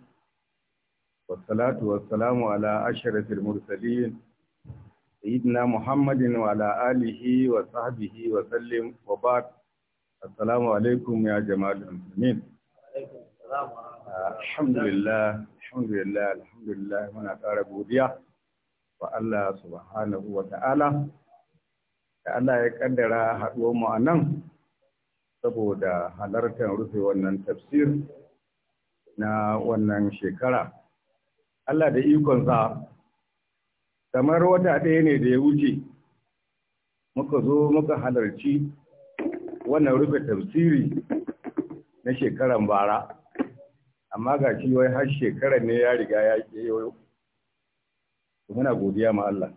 والصلاة والسلام على أشرف المرسلين سيدنا محمد وعلى آله وصحبه وسلم وبعد السلام عليكم يا جماعة المسلمين الحمد لله الحمد لله الحمد لله من أقارب وديا وألا سبحانه وتعالى Allah ya kaddara haɗuwar mu a nan saboda halartar rufe wannan tafsir na wannan shekara. Allah da ikonsa kamar wata ɗaya ne da ya wuce muka zo muka halarci wannan rufe tafsiri na shekaran bara amma ga shi wai har shekarar ne ya riga ya ke kewayo muna godiya ma Allah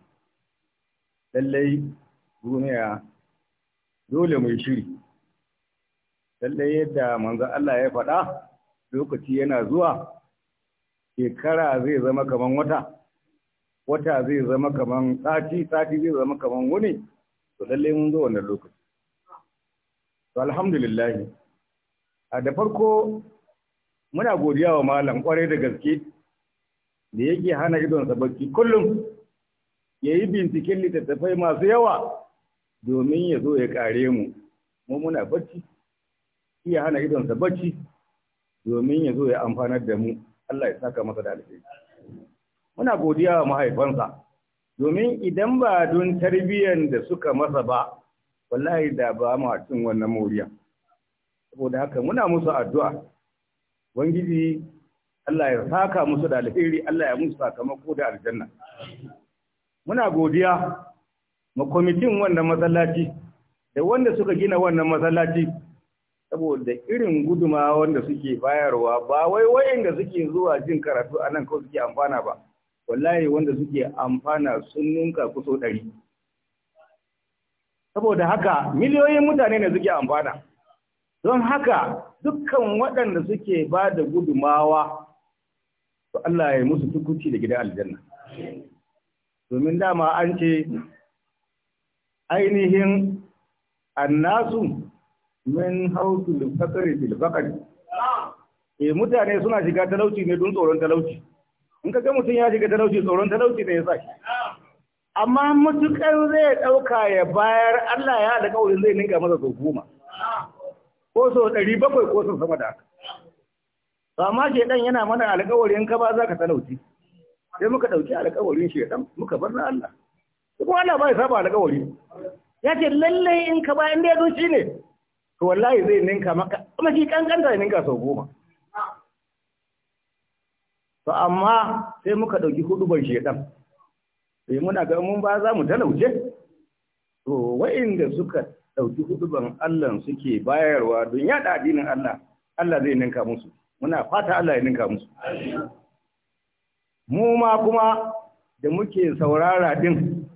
lallai duniya dole mai shiri lallai yadda manzo Allah ya faɗa lokaci yana zuwa shekara zai zama kaman wata wata zai zama kaman sati sati zai zama kaman wuni to lallai mun zo wannan lokaci to alhamdulillah a da farko muna godiya wa malam kwarai da gaske da yake hana idonsa bacci kullum ya yi binciken littattafai masu yawa domin ya zo ya kare mu mu muna bacci iya hana idonsa bacci domin ya zo ya amfanar da mu Allah ya saka masa da alheri muna godiya wa mahaifansa domin idan ba don tarbiyyar da suka masa ba wallahi da ba mu cin wannan moriya saboda haka muna musu addu'a wangiji Allah ya saka musu da alheri Allah ya musu sakamako da aljanna muna godiya ma kwamitin wannan masallaci da wanda suka gina wannan masallaci saboda irin guduma wanda suke bayarwa ba wai wayanda suke zuwa jin karatu a nan kawai suke amfana ba wallahi wanda suke amfana sun ninka kuso ɗari saboda haka miliyoyin mutane ne suke amfana don haka dukkan waɗanda suke ba da gudumawa to Allah ya musu tukuci da gidan aljanna domin dama an ce ainihin annasu min hautul fakari fil fakari eh mutane suna shiga talauci ne don tsoron talauci in ka ga mutum ya shiga talauci tsoron talauci ne ya sa amma mutukan zai dauka ya bayar Allah ya da kaurin zai ninka masa sau goma ko sau ɗari bakwai ko sau sama da haka to amma shedan yana mana alƙawarin ka ba za ka talauci sai muka ɗauki alƙawarin shedan muka bar na Allah kuma Allah ba ya saba alƙawari ya ce lallai in ka bayan da ya zo shi ne to wallahi zai ninka maka kuma shi kankanta ya ninka sau goma to amma sai muka ɗauki ban shedan sai muna ga mun ba za mu talauce to wa'inda suka ɗauki ban Allah suke bayarwa don yaɗa addinin Allah Allah zai ninka musu muna fata Allah ya ninka musu mu ma kuma da muke saurara din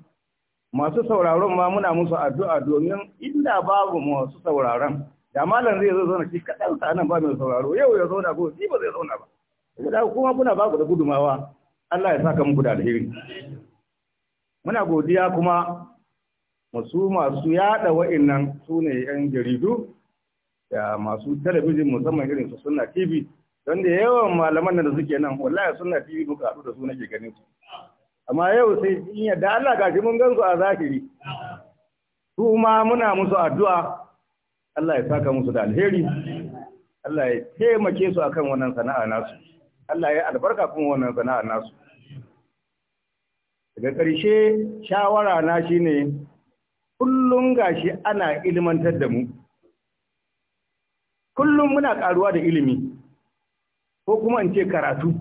masu sauraron ma muna musu addu'a domin inda babu masu sauraron da malam zai zo zauna shi kaɗan sa nan ba mai sauraro yau ya zauna ko shi ba zai zauna ba da kuma muna ba ku da gudumawa Allah ya saka muku da alheri muna godiya kuma masu masu yada wa'annan su ne yan jaridu da masu talabijin musamman irin su sunna tv don da yawan malaman da suke nan wallahi sunna tv muka haɗu da su nake ganin su amma yau sai in yadda Allah gashi mun gansu a zahiri su ma muna musu addu'a Allah ya saka musu da alheri Allah ya taimake su akan wannan sana'a nasu Allah ya albarka kuma wannan sana'a nasu daga ƙarshe shawara na shine kullum gashi ana ilmantar da mu kullum muna karuwa da ilimi ko kuma in ce karatu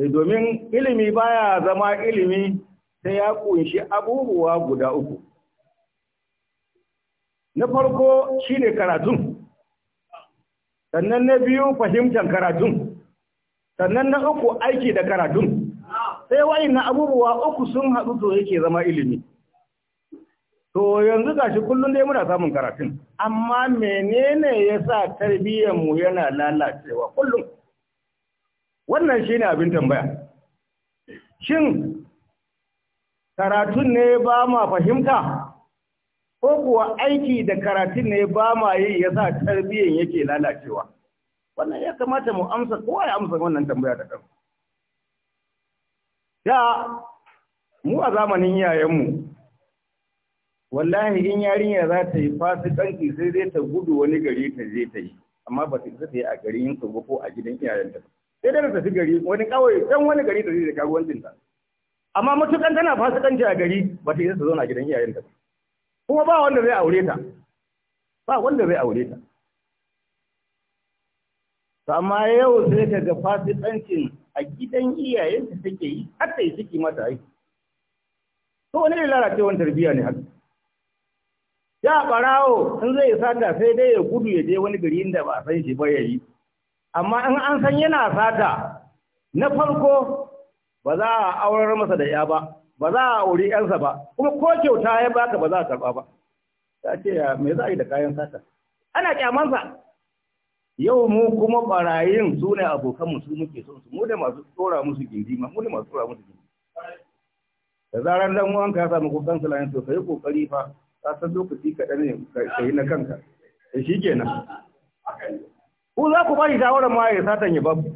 Eh, domin ilimi baya zama ilimi sai ya kunshi abubuwa guda uku na farko shine karatun sannan na biyu fahimtar karatun sannan na uku aiki da karatun sai wayannan abubuwa uku sun haɗu to yake zama ilimi to yanzu gashi kullum dai muna samun karatun amma menene yasa tarbiyyar mu yana lalacewa kullum wannan shi ne abin tambaya shin karatun ne ba ma fahimta ko kuwa aiki da karatun ne ba ma yi ya sa tarbiyyar yake lalacewa wannan ya kamata mu amsa kowa ya amsa wannan tambaya da kan da mu a zamanin iyayenmu wallahi in yarinya za ta yi fasikanci sai zai ta gudu wani gari ta je ta yi amma ba ta yi a garin yin ko a gidan iyayenta ba sai da tafi gari wani kawai dan wani gari ta da karuwancin ta amma mutukan tana fasikanci a gari ba ta yi ta zauna gidan iyayen ta kuma ba wanda zai aure ta ba wanda zai aure ta to amma yau sai ka ga fasikancin a gidan iyayen ta take yi har ta yi ciki mata aiki to wani ce wani tarbiyya ne haka ya barawo in zai sata sai dai ya gudu ya je wani gari inda ba a san shi ba ya yi amma in an san yana sata na farko ba za a aurar masa da ya ba ba za a auri yansa ba kuma ko kyauta ya baka ba za a karba ba ta ce me za a yi da kayan sata ana kyamansa yau mu kuma barayin su ne abokanmu su muke son su mu da masu tsora musu gindi ma mu da masu tsora musu gindi da zarar dan uwan ka samu ko kansila ne to kai kokari fa ka san lokaci kaɗan ne ka yi na kanka shi kenan ku za ku bari shawarar ma ya satan ya babu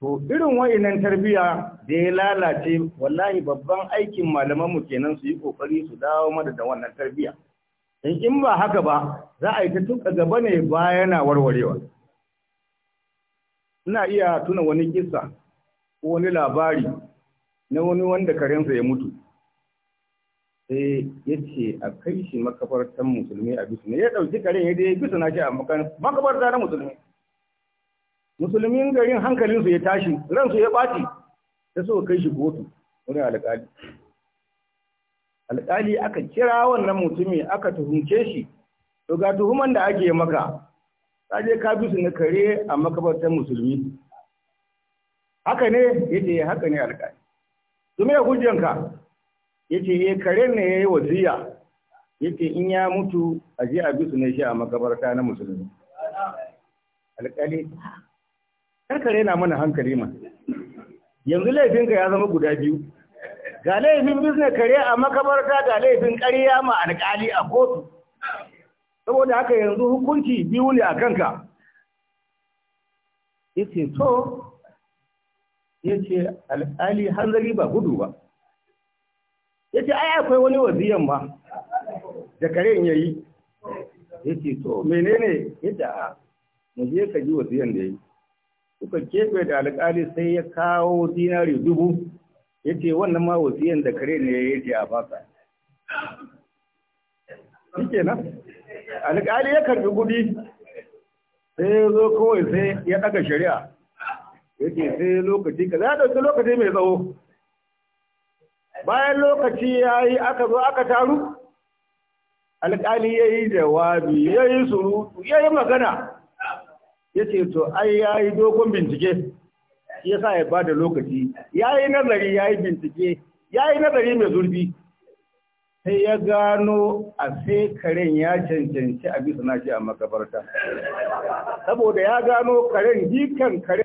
to irin wa'inan tarbiya da ya lalace wallahi babban aikin malamanmu kenan su yi kokari su dawo mana da wannan tarbiya in in ba haka ba za a yi ta tuka gaba ne bayana warwarewa ina iya tuna wani kissa ko wani labari na wani wanda karensa ya mutu sai ya ce a kai shi makabartan musulmi a bisu ne ya ɗauki karen ya dai bisu na shi a makabarta na musulmi musulmin garin hankalinsu ya tashi ransu ya ɓaci ta so kai shi kotu wurin alƙali alƙali aka kira wannan mutumi aka tuhumce shi to ga tuhuman da ake maka ka je ka bisu na kare a makabartan musulmi haka ne ya ce haka ne alƙali to me hujjanka yace ya eh, karen ne yayi wasiya yace in ya mutu a je a su ne shi a makabarta na musulmi alƙali kare na mana hankali ma yanzu laifinka ya zama guda biyu ga laifin business kare a makabarta ga laifin ƙarya ma alƙali a kotu saboda haka yanzu hukunci biyu ne a kanka yace to yace alƙali hanzari ba gudu ba ya ce ai akwai wani waziyan ba'. da karen ya yi ya ce to menene yadda mu je ka ji waziyan da ya yi suka kebe da alƙali sai ya kawo dinari dubu ya ce wannan ma wasiyan da kare ne ya ce a baka ke nan alƙali ya karɓi kuɗi sai ya zo kawai sai ya ɗaga shari'a ya ce sai lokaci ka za a ɗauki lokaci mai tsawo bayan lokaci ya yi aka zo aka taru alƙali ya yi jawabi ya yi surutu ya yi magana ya ce to ai ya yi dogon bincike ya sa ya bada lokaci ya yi nazari ya yi bincike ya yi nazari mai zurfi sai ya gano a sai karen ya cancanci a bisa nashi a makabarta saboda ya gano karen jikan karen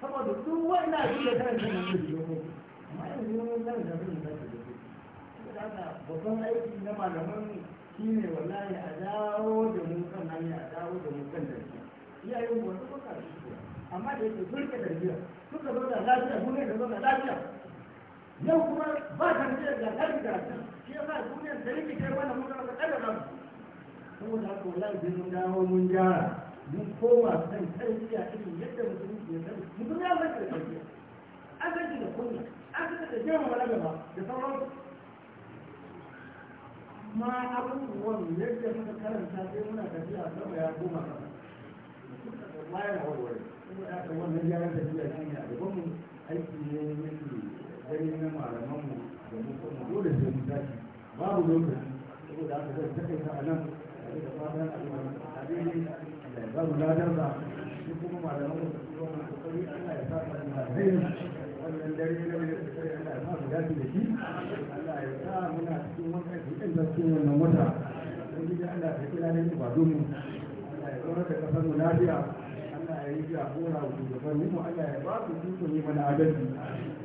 saboda duk wannan abin da karanta na zai dogo amma yanzu mun karanta abin da zai dogo saboda haka babban aiki na malaman shine wallahi a dawo da mu kan hanya a dawo da mu kan darbiya iyayen mu wasu baka su amma da yake sun ke darbiya suka zo da lafiya mu ne da zo da lafiya yau kuma ba tarbiyyar da lafiya da shi ya yasa duniyar da yake kai wannan mun ga kada ba saboda haka wallahi mun dawo mun gyara mun koma kan tarbiyya irin yadda musulunci ya sani mutum ya san tarbiyya an san da kunya an san da girma na gaba da sauran ma abubuwan yadda muka karanta sai muna tafiya sama ya koma kasa ma yana warware kuma ya san wannan gyaran tafiya shi ne a gaban mu aiki ne yake gani na malaman mu da mu kuma dole sai mun tashi babu lokaci saboda haka zai ta a nan a da fatan a abin babu ladan shi kuma malaman da su zuwa masu kokari Allah ya saka da malamin wannan dare na ya kokari Allah ya saka da da shi Allah ya sa muna cikin wannan cikin da cikin wannan wata don gida Allah ya kira ne ba domin Allah ya tsora kasar mu lafiya Allah ya yi jagora wa shugabanni mu Allah ya ba su duka ne mana adalci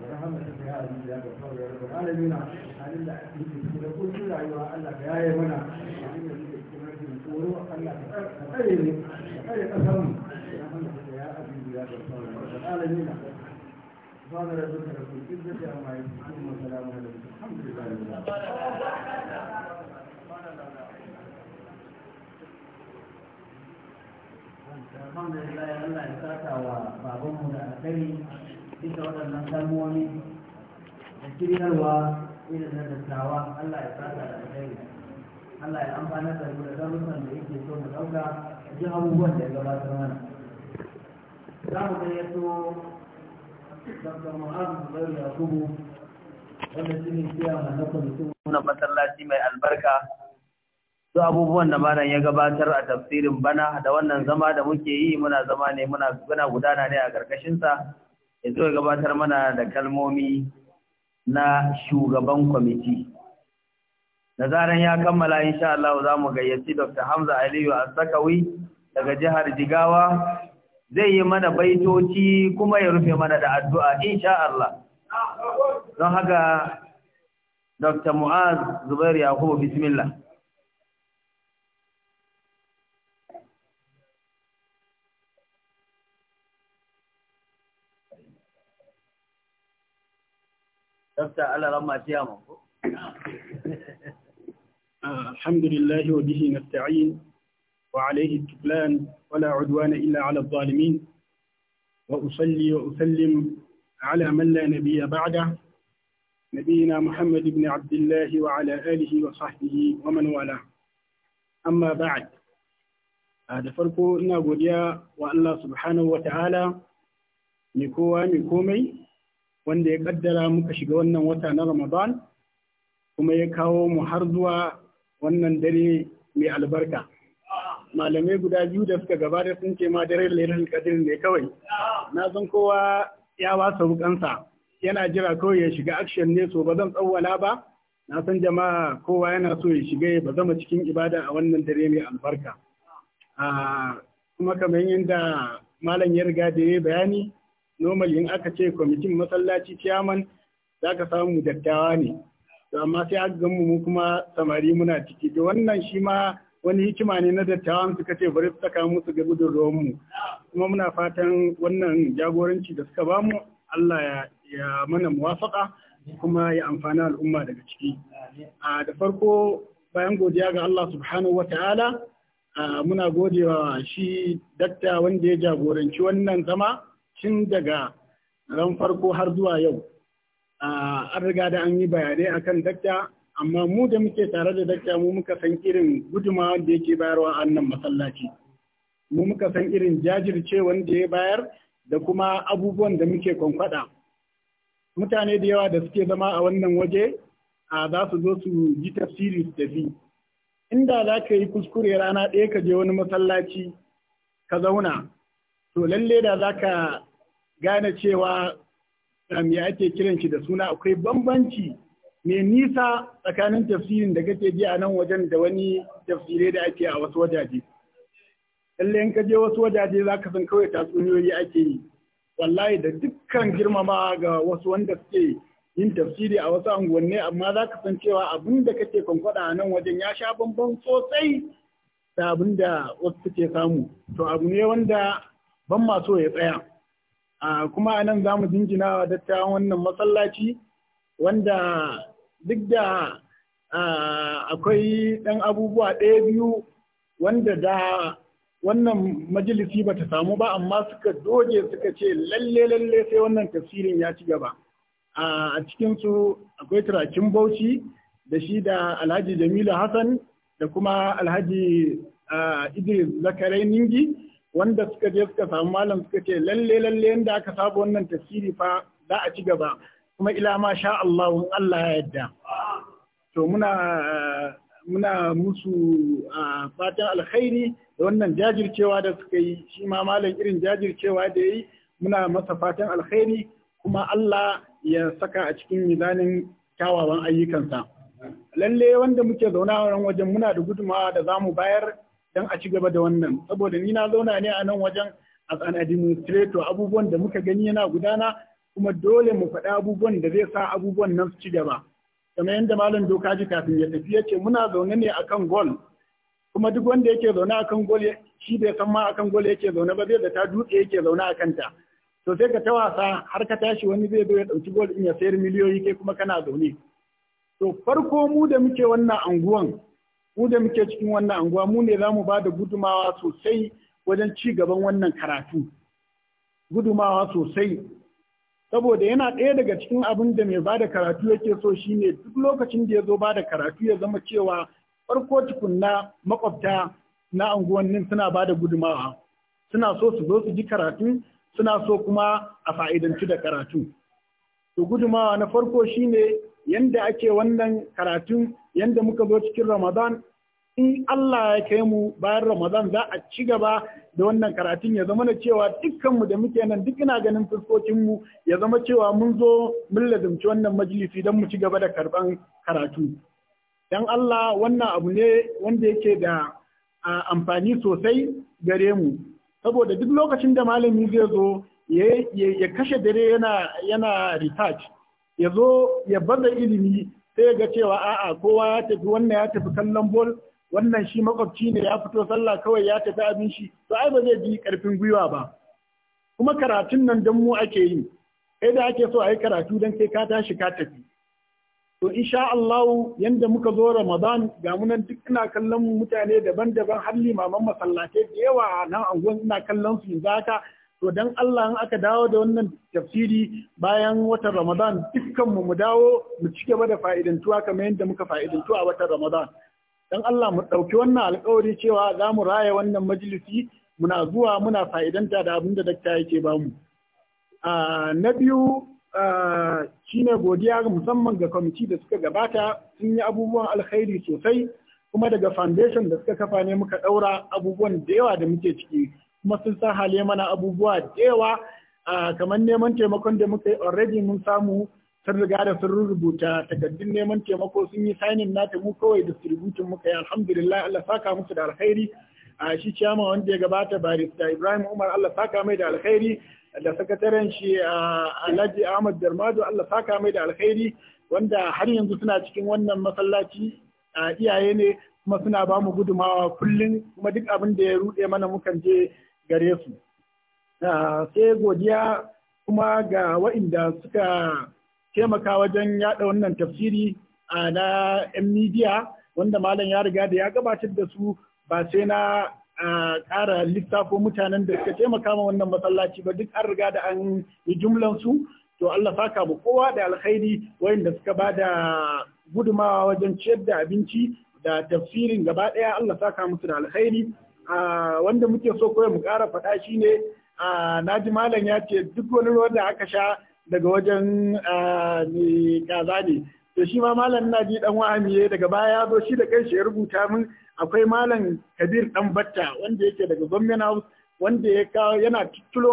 rahmatu ya aziz ya gafara ya rabbal alamin halin da ake cikin da kullun rayuwa Allah ya yaye mana halin da muke cikin rashin tsoro Allah ka tsare mu فاضل ذكر في الجدة أما يسلم وسلام عليكم الحمد لله الحمد لله Allah ya saka wa babanmu da alkhairi duka waɗannan kalmomi da shiryarwa irin na dattawa Allah ya saka da alkhairi Allah ya amfana da mu da darussan da yake so mu ɗauka cikin abubuwan da ya gabatar mana za mu ga yato dr muhammad zubairu yakubu wanda shi ne siya na kwamitin wannan masallaci mai albarka su abubuwan da malam ya gabatar a tafsirin bana da wannan zama da muke yi muna zama ne muna gudana ne a ƙarƙashinsa ya zo gabatar mana da kalmomi na shugaban kwamiti da zaran ya kammala insha Allah za mu gayyaci Dr. Hamza Aliyu sakawi daga jihar Jigawa zai yi mana baitoci kuma ya rufe mana da addu'a insha Allah don haka Dr. Mu'az Zubair Yakubu bismillah Dr. Allah ramma tiyama آه، الحمد لله وبه نستعين وعليه الكفلان ولا عدوان إلا على الظالمين وأصلي وأسلم على من لا نبي بعده نبينا محمد بن عبد الله وعلى آله وصحبه ومن والاه أما بعد هذا إن إنا يا والله سبحانه وتعالى مكوى مكومي وان komai wanda ya kaddara muka shiga wannan wannan dare mai albarka malamai guda biyu da suka gabata sun ce ma dare lailatul kadir ne kawai na san kowa ya wasa wukansa, yana jira kawai ya shiga action ne so ba zan tsawwala ba na san jama'a kowa yana so ya shiga ya zama cikin ibada a wannan dare mai albarka kuma kamar yadda malam ya riga da ya bayani normal in aka ce kwamitin masallaci ciyaman za ka samu dattawa ne amma sai aka gan mu kuma samari muna ciki da wannan shi ma wani hikima ne na dattawan suka ce bari su saka musu ga gudun mu kuma muna fatan wannan jagoranci da suka bamu Allah ya mana muwafaka kuma ya amfani al'umma daga ciki a da farko bayan godiya ga Allah subhanahu wata'ala muna godewa shi dakta wanda ya jagoranci wannan zama tun daga ran farko har zuwa yau an riga da an yi bayanai akan dakta amma mu da muke tare da dakta mu muka san irin gudumawa da yake bayarwa a nan masallaci mu muka san irin jajirce wanda ya bayar da kuma abubuwan da muke kwankwada mutane da yawa da suke zama a wannan waje a za su zo su ji tafsiri su tafi inda za ka yi kuskure rana ɗaya ka je wani masallaci ka zauna to lalle da za ka gane cewa ya ake kiran shi da suna akwai bambanci mai nisa tsakanin tafsirin da kake ji a nan wajen da wani tafsirai da ake a wasu wajaje. Lalle in ka je wasu wajaje za ka san kawai tatsuniyoyi ake yi. Wallahi da dukkan girmama ga wasu wanda suke yin tafsiri a wasu unguwanni amma za ka san cewa abin da kake kwankwada a nan wajen ya sha bambam sosai da abin da wasu suke samu. To abu ne wanda ban ma so ya tsaya. kuma a nan za mu jingina wa dattawan wannan masallaci wanda duk da akwai ɗan abubuwa ɗaya biyu wanda da wannan majalisi ba ta samu ba amma suka doge suka ce lalle lalle sai wannan tafsirin ya ci gaba a cikinsu akwai turakin bauchi da shi da alhaji jamilu hassan da kuma alhaji idris zakarai ningi wanda suka je suka samu malam suka ce lalle lalle yanda aka saba wannan tafsiri fa za a ci gaba kuma ila ma sha Allah in Allah ya yadda. to muna muna musu fatan alkhairi da wannan jajircewa da suka yi shi ma malam irin jajircewa da yi muna masa fatan alkhairi kuma Allah ya saka a cikin mizanin kyawawan ayyukansa lalle wanda muke zauna wajen muna da gudumawa da za mu bayar don a ci gaba da wannan saboda ni na zauna ne a nan wajen as an administrator abubuwan da muka gani yana gudana kuma dole mu faɗi abubuwan da zai sa abubuwan nan su ci gaba kamar yadda malam doka ji kafin ya tafi yace muna zaune ne akan gol kuma duk wanda yake zaune akan gol shi bai san ma akan gol yake zaune ba zai da ta dutse yake zaune akan ta to sai ka ta wasa har ka tashi wani zai zo ya dauki gol in ya sayar miliyoyi kai kuma kana zaune to farko mu da muke wannan anguwan mu da muke cikin wannan anguwa mu ne za mu ba da gudumawa sosai wajen ci gaban wannan karatu gudumawa sosai saboda yana ɗaya daga cikin abin da mai ba da karatu yake so shine duk lokacin da ya zo ba da karatu ya zama cewa farko tukunna makwabta na unguwannin suna ba da gudumawa suna so su zo su ji karatu suna so kuma a fa'idanci da karatu to gudumawa na farko shine yanda ake wannan karatun yanda muka zo cikin Ramadan in Allah ya kai mu bayan Ramadan za a ci gaba da wannan karatun ya zama na cewa dukkanmu da muke nan duk ina ganin mu ya zama cewa mun zo mun lazumci wannan majalisi don mu ci gaba da karban karatu. dan Allah wannan abu ne wanda yake da amfani sosai gare mu. Saboda duk lokacin da malami zai zo ya kashe dare yana research ya zo ya baza ilimi sai ga cewa a'a kowa ya tafi wannan ya tafi kallon bol wannan shi makwabci ne ya fito sallah kawai ya tafi abin shi to ai ba zai ji karfin gwiwa ba kuma karatun nan dan mu ake yi kai da ake so a yi karatu dan kai ka tashi ka tafi to insha Allah yanda muka zo Ramadan ga mu nan duk ina kallon mutane daban-daban har limaman masallatai da yawa nan anguwan ina kallon su yanzu haka to dan Allah in aka dawo da wannan tafsiri bayan watan Ramadan dukkanmu mu dawo mu ci gaba da fa'idantuwa kamar yadda muka fa'idantu a watan Ramadan dan Allah mu ɗauki wannan alƙawari cewa za mu raya wannan majalisi muna zuwa muna fa'idanta da abin da dakta yake ba mu na biyu shine godiya musamman ga kwamiti da suka gabata sun yi abubuwan alkhairi sosai kuma daga foundation da suka kafa ne muka daura abubuwan da yawa da muke ciki kuma sun san hale mana abubuwa da yawa kamar neman taimakon da muka yi already mun samu sun riga da sun rubuta takardun neman taimako sun yi sainin nata mu kawai distributin muka yi alhamdulillah Allah saka musu da alkhairi a shi ciyama wanda ya gabata barista Ibrahim Umar Allah saka mai da alkhairi da sakataren shi Alhaji Ahmad Darmado Allah saka mai da alkhairi wanda har yanzu suna cikin wannan masallaci iyaye ne kuma suna ba mu gudumawa kullum kuma duk abin da ya ruɗe mana mukan je gare su ah, sai godiya kuma ga waɗanda suka taimaka wajen yaɗa wannan tafsiri a ah, na 'yan midiya wanda malam ya riga da ya gabatar da su ba sai na ah, ƙara littafin mutanen da suka taimaka ma wannan masallaci ba duk an riga da an yi jumlansu to Allah saka mu kowa da alkhairi wayanda suka ba da gudumawa wajen ciyar da abinci da tafsirin gaba ɗaya Allah saka musu da alkhairi wanda muke so kawai mu kara faɗa shine na ji malam ya ce duk wani ruwan da aka sha daga wajen mai kaza ne to shi ma malam na ji dan wahamiye daga baya ya zo shi da kanshi ya rubuta min akwai malam kabir dan batta wanda yake daga gwamnan house wanda ya kawo yana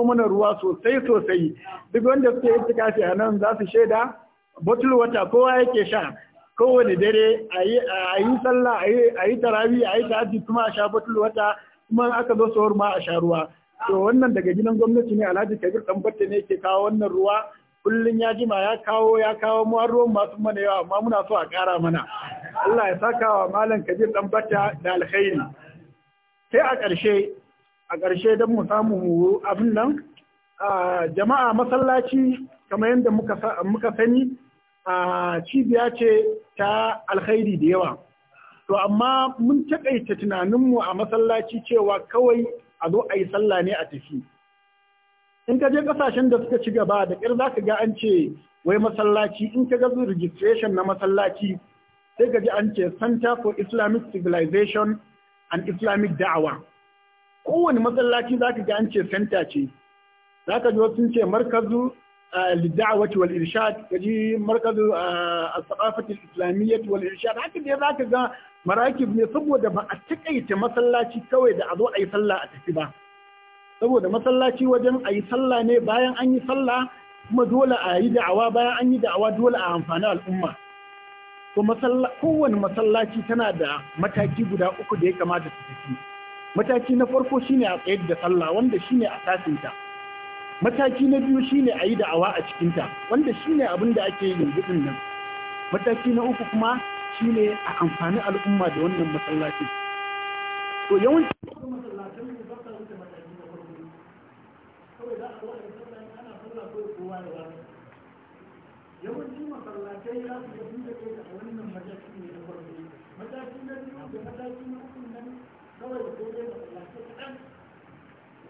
mana ruwa sosai sosai duk wanda suke yi a nan za su shaida bottle water kowa yake sha kowane dare a yi sallah a yi tarabi a yi ta'addi kuma a sha batul wata kuma aka zo su ma a sha ruwa to wannan daga gidan gwamnati ne alhaji kabir tambatta ne ke kawo wannan ruwa kullum ya jima ya kawo ya kawo mu ruwan masu mana yawa amma muna so a ƙara mana Allah ya saka wa malam kabir tambatta da alkhairi sai a ƙarshe a ƙarshe don mu samu abin nan jama'a masallaci kamar yadda muka sani cibiya ce ta alkhairi da yawa. To amma mun taƙaita tunaninmu a masallaci cewa kawai a zo a yi sallah ne a tafi. In ka je ƙasashen da suka ci gaba da ƙyar za ka ga an ce wai masallaci in ka ga registration na masallaci sai ka ji an ce Center for Islamic Civilization and Islamic Da'awa. Kowane masallaci za ka ga an ce center ce. Za ka ji wasu ce markazu للدعوة والإرشاد يجي مركز الثقافة الإسلامية والإرشاد حتى دي ذاك ذا مراكب ne saboda ba a takaita masallaci kawai da a zo ayi sallah a tafi ba saboda masallaci wajen ayi sallah ne bayan an yi sallah kuma dole a yi da'awa bayan an yi da'awa dole a amfani al'umma to kowane masallaci tana da mataki guda uku da ya kamata su tafi mataki na farko shine a tsayar da sallah wanda shine a tasinta mataki na biyu shine a yi da'awa a cikinta wanda shine abin da ake yanzu din nan mataki na uku kuma shine a amfani al'umma da wannan masallacin to yawanci yawancin masallatai za su ga sun da kai a wannan mataki ne na farko mataki na biyu da mataki na uku nan kawai da kai masallatai kaɗan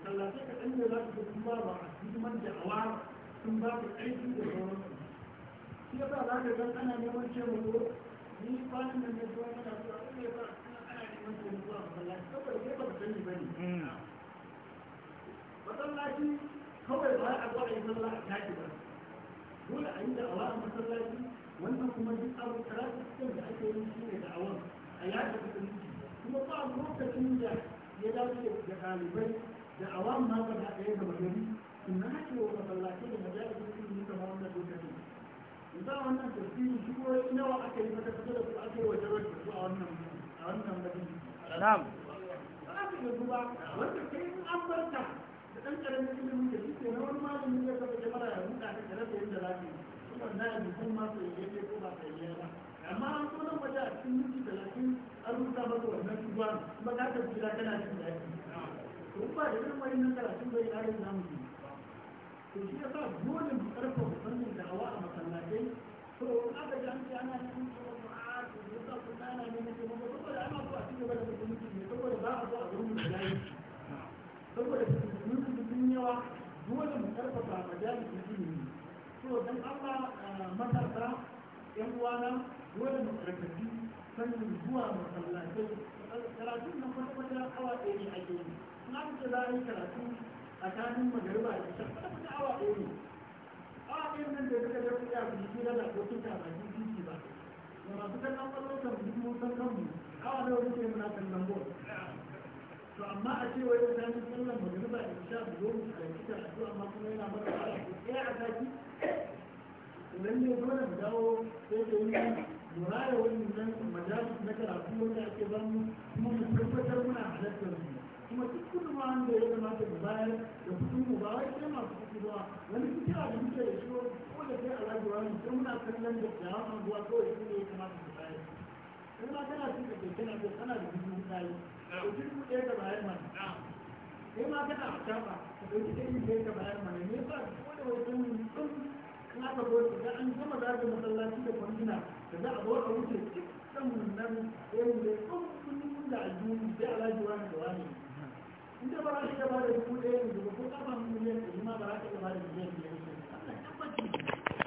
sallace ka ɗan da za ka kuma ba a hidiman da'awa sun ba ka ƙarfi da sauransu shi yasa za ka ga ana neman taimako ni kwanan nan na zuwa mana zuwa wanda ya ba ana neman taimako a masallaci saboda kai ba ka sani ba ne hmm. masallaci kawai ba a zuwa a yi sallah a tashi ba dole a yi da'awa a masallaci wannan kuma duk abu karatu da ake yi shi ne da'awar a yaɗa kuɗin kuma ba lokacin da ya dace da ɗalibai da awam ma ba da ɗaya da magani in na hake wa masallaci da majalisar sun yi kama wannan lokacin za a wannan tafsiri shi ko nawa aka yi mata kasa da su ake wa jarar da su a wannan a wannan magani na'am ba za su yanzu ba wanda kai in an barka da ɗan ƙaramin ilimin da shi ke na wani malami zai taɓa jama'a ya huɗa ka tare da yadda za ka yi kuma na yanzu kun ma sayayye ko ba ya ba amma an so nan waje a cikin minti talatin an rubuta maka wannan shugaba kuma ka tafi gida kana jin daɗi ba da irin wani karatu bai ƙarin namu to shi dole mu fannin a masallatai to in aka ji an ce ana cikin ya sa ku tsana ne na jama'a saboda ana a cikin gaba da musulunci ne saboda ba a so a gurin da yayi saboda musulunci sun yawa dole mu to dan Allah matasa uwana dole mu fannin zuwa masallatai karatun nan kwata-kwata awa ɗaya ne ake yi na mutu za a yi karatu a kanin magariba da shan kada mutu awa ɗaya ne awa ɗaya nan da suka ga kuɗi a biki na da kokin ta bakin titi ba da masu kallon kwallon kan duk mun san kanmu awa nawa muke muna kallon bol to amma a ce wai ta yi sallan magariba da sha biyo mu a yi karatu amma kuma yana mara awa ɗaya a taki idan ne dole mu dawo sai da yi lura da wannan majalis na karatu wanda ake bamu kuma mu tabbatar muna halartar su kuma duk gudunmawar da ya kamata mu bayar da kuɗin mu ba wai sai masu kuɗi ba wani fikira da muke da shi ko da sai alhaji ne sai muna kallon da kyawun anguwa kawai shi ne ya kamata mu bayar in ma kana cin da keke na kai kana da dubu kayi ko dubu ɗaya ka bayar mana Sai ma kana a shafa ka ɗauki ɗari ɗaya ka bayar mana ne ba ko da wani sanin sun kana aka zo da an gama zaga masallaci da kwanduna da za a zo a wuce duk ɗan nan ɗaya ne ɗan kuɗin da aljihu sai alhaji wani da wani ne in da ba za ka gaba da dubu ɗaya da dubu ko kafa miliyan ɗari ma ba za ka gaba da miliyan ɗari Allah tabbaci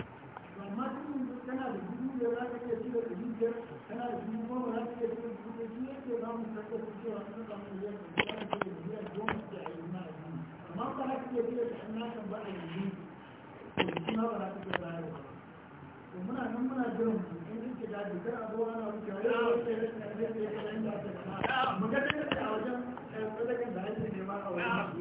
amma tun kana da dubu da za ka iya cire ɗari biyar kana da dubu goma za ka iya cire dubu ɗaya shi yake za mu tabbata cewa an samu miliyan ɗari za ka cire miliyan goma ce a yi ma a yi amma ba za ka iya cire da an nasan ba a yi to shi ma ba za ka iya bayarwa to muna nan muna jiran in kike da dukkan abubuwa na wuce a yau sai da kaɗai da kaɗai da kaɗai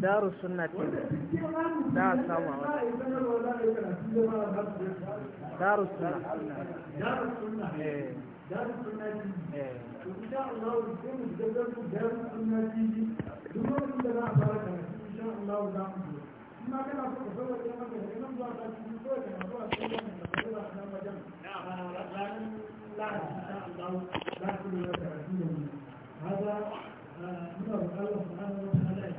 daru suna ce za a samu a daru suna daru suna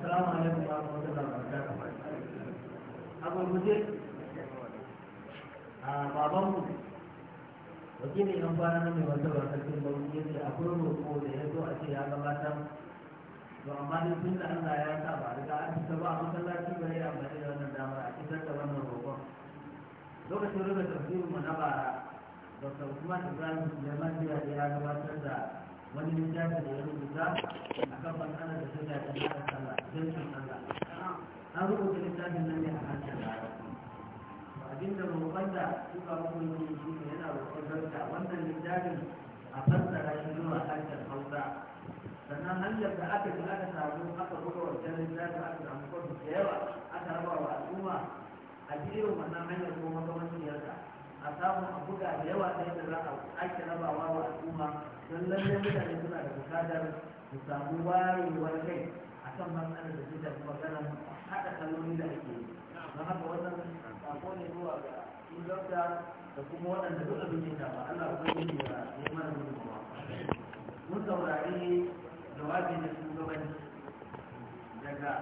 assalamu alaikum wa rahmatullahi wa barakatuh abu ah, akwai roƙo da ya zo a ce ya gabatar to amma dai tun ba riga an fita ba masallaci ba ya amfani da wannan da wannan lokacin tafsirin mu na ya gabatar da wani littafi da ya rubuta a kan bangaren da ta shafi na sallah jinsin sallah an rubuta littafin nan ne a harshen larabci abinda roƙon da suka rubuta shi ne yana roƙon barka wannan littafin a fassara shi zuwa harshen hausa sannan hanyar da aka ji aka samu aka buga wancan littafin aka samu kwafi da yawa aka raba wa al'umma a biyu wannan hanyar ko makamancin makamanciyarsa a samu a buga da yawa ta da za a ake rabawa wa al'umma don lallai mutane suna da bukatar su samu wayewar kai a kan matsalar da suka kuma maganar haɗa kalmomi da ake yi don haka wannan sako ne zuwa ga inganta da kuma waɗanda duk abin yin ba Allah ko yi da ya mana gudunmawa mun saurari jawabi na shugabanci daga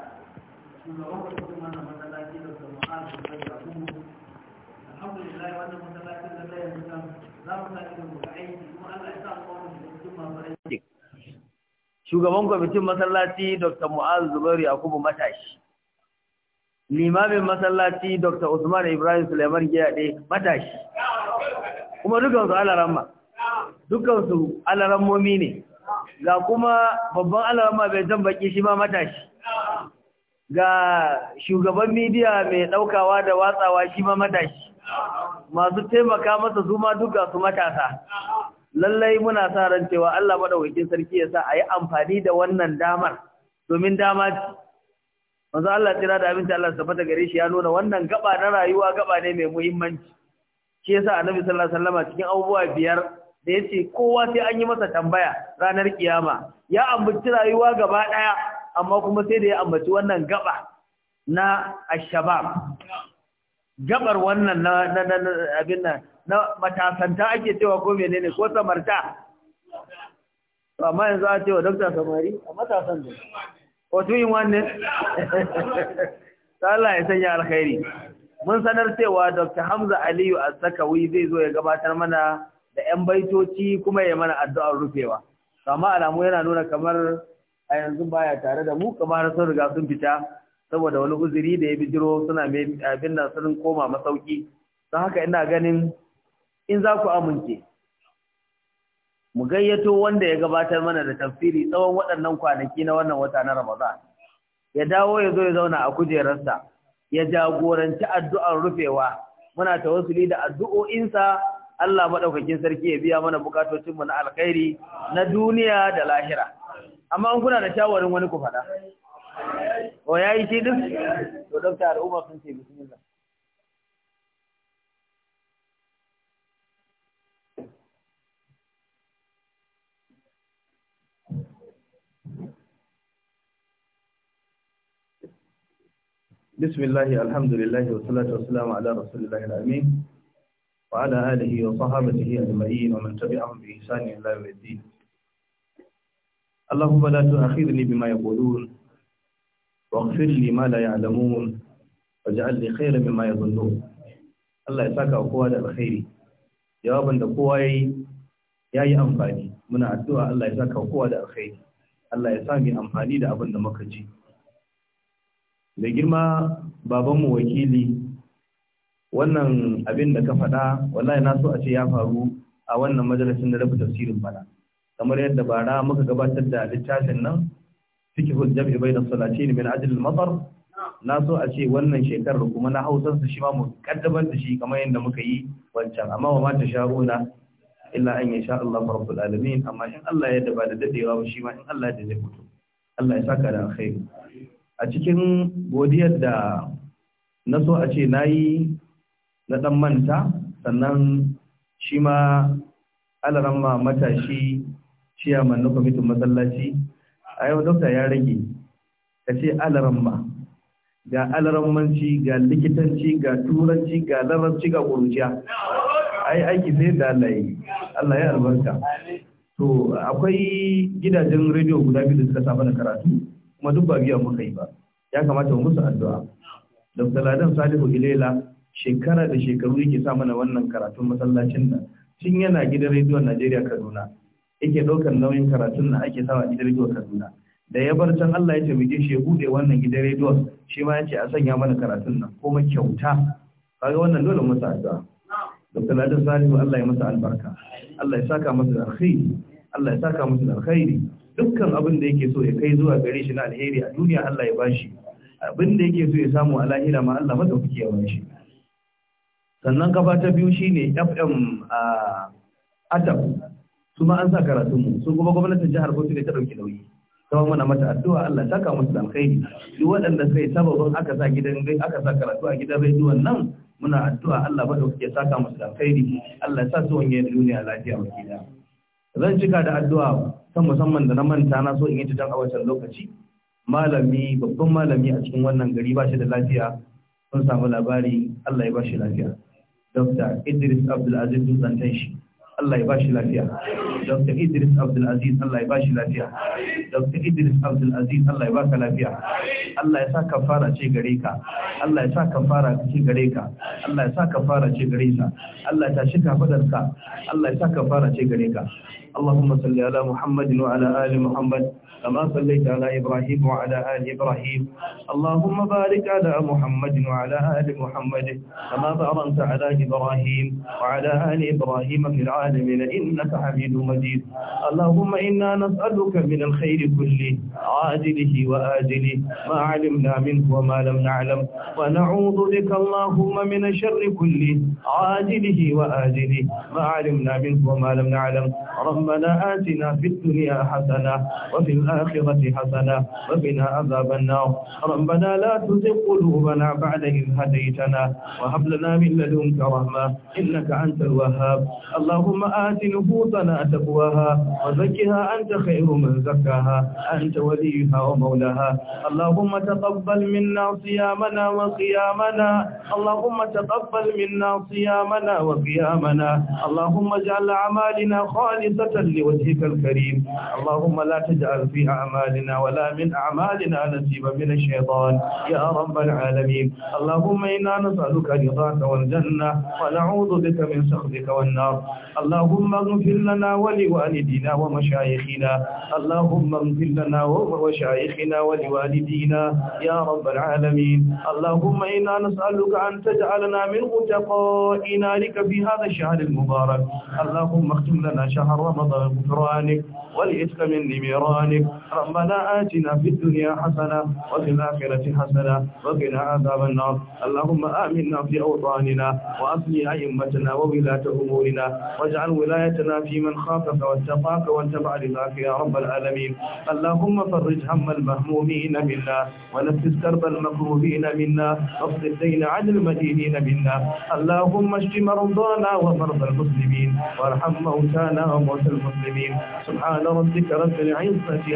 shugaban kwamitin wannan masallaci da su ma'azin da ya kuma alhamdulillah wannan masallacin da ta yanzu kan shugaban kwamitin masallaci dr mu'az zubairu yakubu matashi limamin masallaci dr usman ibrahim suleiman giyade matashi kuma dukansu alaramma dukansu alarammomi ne ga kuma babban alaramma bai jan baki shi ma matashi ga shugaban midiya mai daukawa da watsawa shi ma matashi masu taimaka masa su ma duka su matasa lallai muna sa ran cewa Allah madaukakin sarki ya sa a yi amfani da wannan damar domin dama manzo Allah tira da abinci Allah safa fata gare shi ya nuna wannan gaba na rayuwa gaba ne mai muhimmanci shi yasa annabi sallallahu alaihi wasallam cikin abubuwa biyar da yace kowa sai an yi masa tambaya ranar kiyama ya ambaci rayuwa gaba daya amma kuma sai da ya ambaci wannan gaba na ashabab gabar wannan na na na abin nan na matasanta ake cewa ko menene ko samarta amma yanzu a cewa dokta samari a matasan da ko yin wannan *laughs* Allah ya sanya alkhairi mun sanar cewa Dr. Hamza Aliyu Al-Sakawi zai zo ya gabatar mana da 'yan baitoci kuma ya mana addu'ar rufewa. Amma alamu yana nuna kamar a yanzu baya tare da mu kamar sun riga sun fita saboda wani uzuri da ya bi jiro suna abin da sun koma masauki don haka ina ganin in za ku amince mu gayyato wanda ya gabatar mana da tafsiri tsawon waɗannan kwanaki na wannan wata na Ramadan ya dawo ya zo ya zauna a kujerarsa ya jagoranci addu'ar rufewa muna ta tawassuli da addu'o'insa Allah maɗaukakin sarki ya biya mana bukatocin mu na alkhairi na duniya da lahira amma in kuna da shawarin wani ku faɗa o oh, ya yi shi تعال to dokta بسم الله بسم الله الحمد لله والصلاة والسلام على رسول الله الأمين وعلى آله وصحابته أجمعين ومن تبعهم بإحسان إلى يوم الدين اللهم لا تؤاخذني بما يقولون واغفر لي ما لا يعلمون واجعل لي خيرا مما يظنون Allah ya saka kowa da alkhairi jawabin da kowa yayi yayi amfani muna addu'a Allah ya saka kowa da alkhairi Allah ya sa amfani da abin da muka ci. da girma babanmu wakili wannan abin da ka faɗa wallahi na so a ce ya faru a wannan majalisin da rabu tafsirin bana kamar yadda bara muka gabatar da littafin nan fikihul jam'i bayna salatin min ajli al-matar na so a ce wannan shekarar kuma na hausar su shi ma mu kaddabar da shi kamar yadda muka yi wancan amma wa mata sha'una illa an yasha Allah rabbul alamin amma in Allah ya daba da dadewa ba shi ma in Allah ya zai fito Allah ya saka da alkhairi a cikin godiyar da na so a ce nayi na dan manta sannan shi ma alaran matashi ciyaman na kwamitin masallaci a yau dokta ya rage ka ce alaramma ga alarammanci ga likitanci ga turanci ga larabci ga kuruciya ai aiki sai da Allah yi Allah ya albarka to akwai gidajen rediyo guda biyu da suka saba da karatu kuma duk ba biya muka yi ba ya kamata mu musu addu'a Dr. Ladan Salihu Ilela shekara da shekaru yake sa mana wannan karatun masallacin nan tun yana gidan rediyon Najeriya Kaduna yake ɗaukar nauyin karatun da ake sawa a gidan rediyo Kaduna da ya bar can Allah ya ce taimake shi ya bude wannan gidan rediyo shi ma ya ce a sanya mana karatun nan ma kyauta kaga wannan dole mu sa addu'a Dr. Ladan Salihu Allah ya masa albarka Allah ya saka masa da alkhairi Allah ya saka masa da alkhairi dukkan abin da yake so ya kai zuwa gare shi na alheri a duniya Allah ya bashi abin da yake so ya samu a lahira ma Allah madaukake ya bashi sannan kafa ta biyu shine FM a ah, Adam Suma an sa karatun mu su kuma gwamnatin jihar Bauchi ne ta dauki nauyi kawai muna mata addu'a Allah ta kawo musu alkhairi duk waɗanda sai sababin aka sa gidan aka sa karatu a gidan rediyon nan muna addu'a Allah madaukake ya saka musu alkhairi Allah ya sa su wanye duniya lafiya baki zan cika da addu'a ta musamman da na manta na so in yi tutan a wancan lokaci malami babban malami a cikin wannan gari ba shi da lafiya sun samu labari Allah ya ba shi lafiya Dr. Idris Abdulaziz Dutsantan shi Allah ya ba shi lafiya Dr. Idris Abdul Aziz Allah ya ba shi lafiya Dr. Idris Abdul Aziz Allah ya baka lafiya Allah ya sa fara ce gare ka Allah ya sa fara ce gare ka Allah ya sa fara ce gare sa Allah ya tashi kafadar ka Allah ya sa fara ce gare ka Allahumma salli ala Muhammadin wa ala ali Muhammad كما صليت على إبراهيم وعلى آل إبراهيم اللهم بارك على محمد وعلى آل محمد كما باركت على إبراهيم وعلى آل إبراهيم في العالمين إنك حميد مجيد اللهم إنا نسألك من الخير كله عاجله وآجله ما علمنا منه وما لم نعلم ونعوذ بك اللهم من الشر كله عاجله وآجله ما علمنا منه وما لم نعلم ربنا آتنا في الدنيا حسنة وفي الآخرة حسنة وقنا عذاب النار ربنا لا تزغ قلوبنا بعد إذ هديتنا وهب لنا من لدنك رحمة إنك أنت الوهاب اللهم آت نفوسنا تقواها وزكها أنت خير من زكاها أنت وليها ومولاها اللهم تقبل منا صيامنا وقيامنا اللهم تقبل منا صيامنا وقيامنا اللهم اجعل أعمالنا خالصة لوجهك الكريم اللهم لا تجعل في في أعمالنا ولا من أعمالنا نسيب من الشيطان يا رب العالمين اللهم إنا نسألك رضاك والجنة ونعوذ بك من سخطك والنار اللهم اغفر لنا ولوالدينا ومشايخنا اللهم اغفر لنا ومشايخنا ولوالدينا يا رب العالمين اللهم إنا نسألك أن تجعلنا من متقاء نارك في هذا الشهر المبارك اللهم اختم لنا شهر رمضان بغفرانك والإثم من نميرانك ربنا آتنا في الدنيا حسنة وفي الآخرة حسنة وقنا عذاب النار اللهم آمنا في أوطاننا وأصلح أئمتنا وولاة أمورنا واجعل ولايتنا في من خافك واتقاك واتبع رضاك يا رب العالمين اللهم فرج هم المهمومين منا ونفس كرب المكروبين منا واقض الدين عن المدينين منا اللهم اشف مرضانا ومرضى المسلمين وارحم موتانا وموتى المسلمين سبحان ربك رب العزة